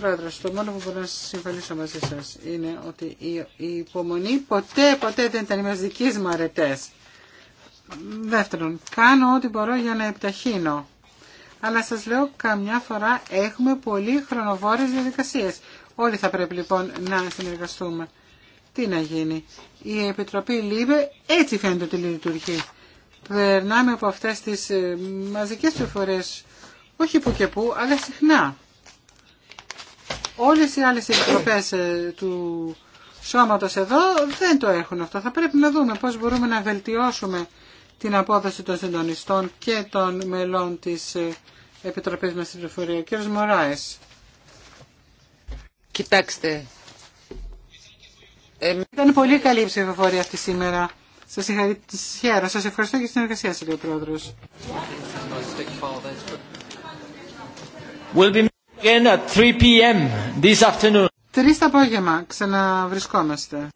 Πρόεδρο, το μόνο που μπορώ να συμφωνήσω μαζί σα είναι ότι η υπομονή ποτέ, ποτέ δεν ήταν οι μα μου Δεύτερον, κάνω ό,τι μπορώ για να επιταχύνω. Αλλά σας λέω, καμιά φορά έχουμε πολύ χρονοβόρες διαδικασίες. Όλοι θα πρέπει λοιπόν να συνεργαστούμε. Τι να γίνει. Η Επιτροπή ΛΥΜΕ έτσι φαίνεται ότι λειτουργεί. Περνάμε από αυτές τις ε, μαζικές πληροφορίες, όχι που και που, αλλά συχνά. Όλες οι άλλες επιτροπές ε, του σώματος εδώ δεν το έχουν αυτό. Θα πρέπει να δούμε πώς μπορούμε να βελτιώσουμε την απόδοση των συντονιστών και των μελών της ε, Επιτροπής μας στην Πληροφορία. Κύριος Μωράης. Κοιτάξτε. Ε... Ήταν πολύ καλή η ψηφοφορία αυτή σήμερα. Σας συγχαίρω. Σας ευχαριστώ και στην εργασία σας, κύριε ο Πρόεδρος again at 3 p.m. this afternoon. Τρεις το απόγευμα ξαναβρισκόμαστε.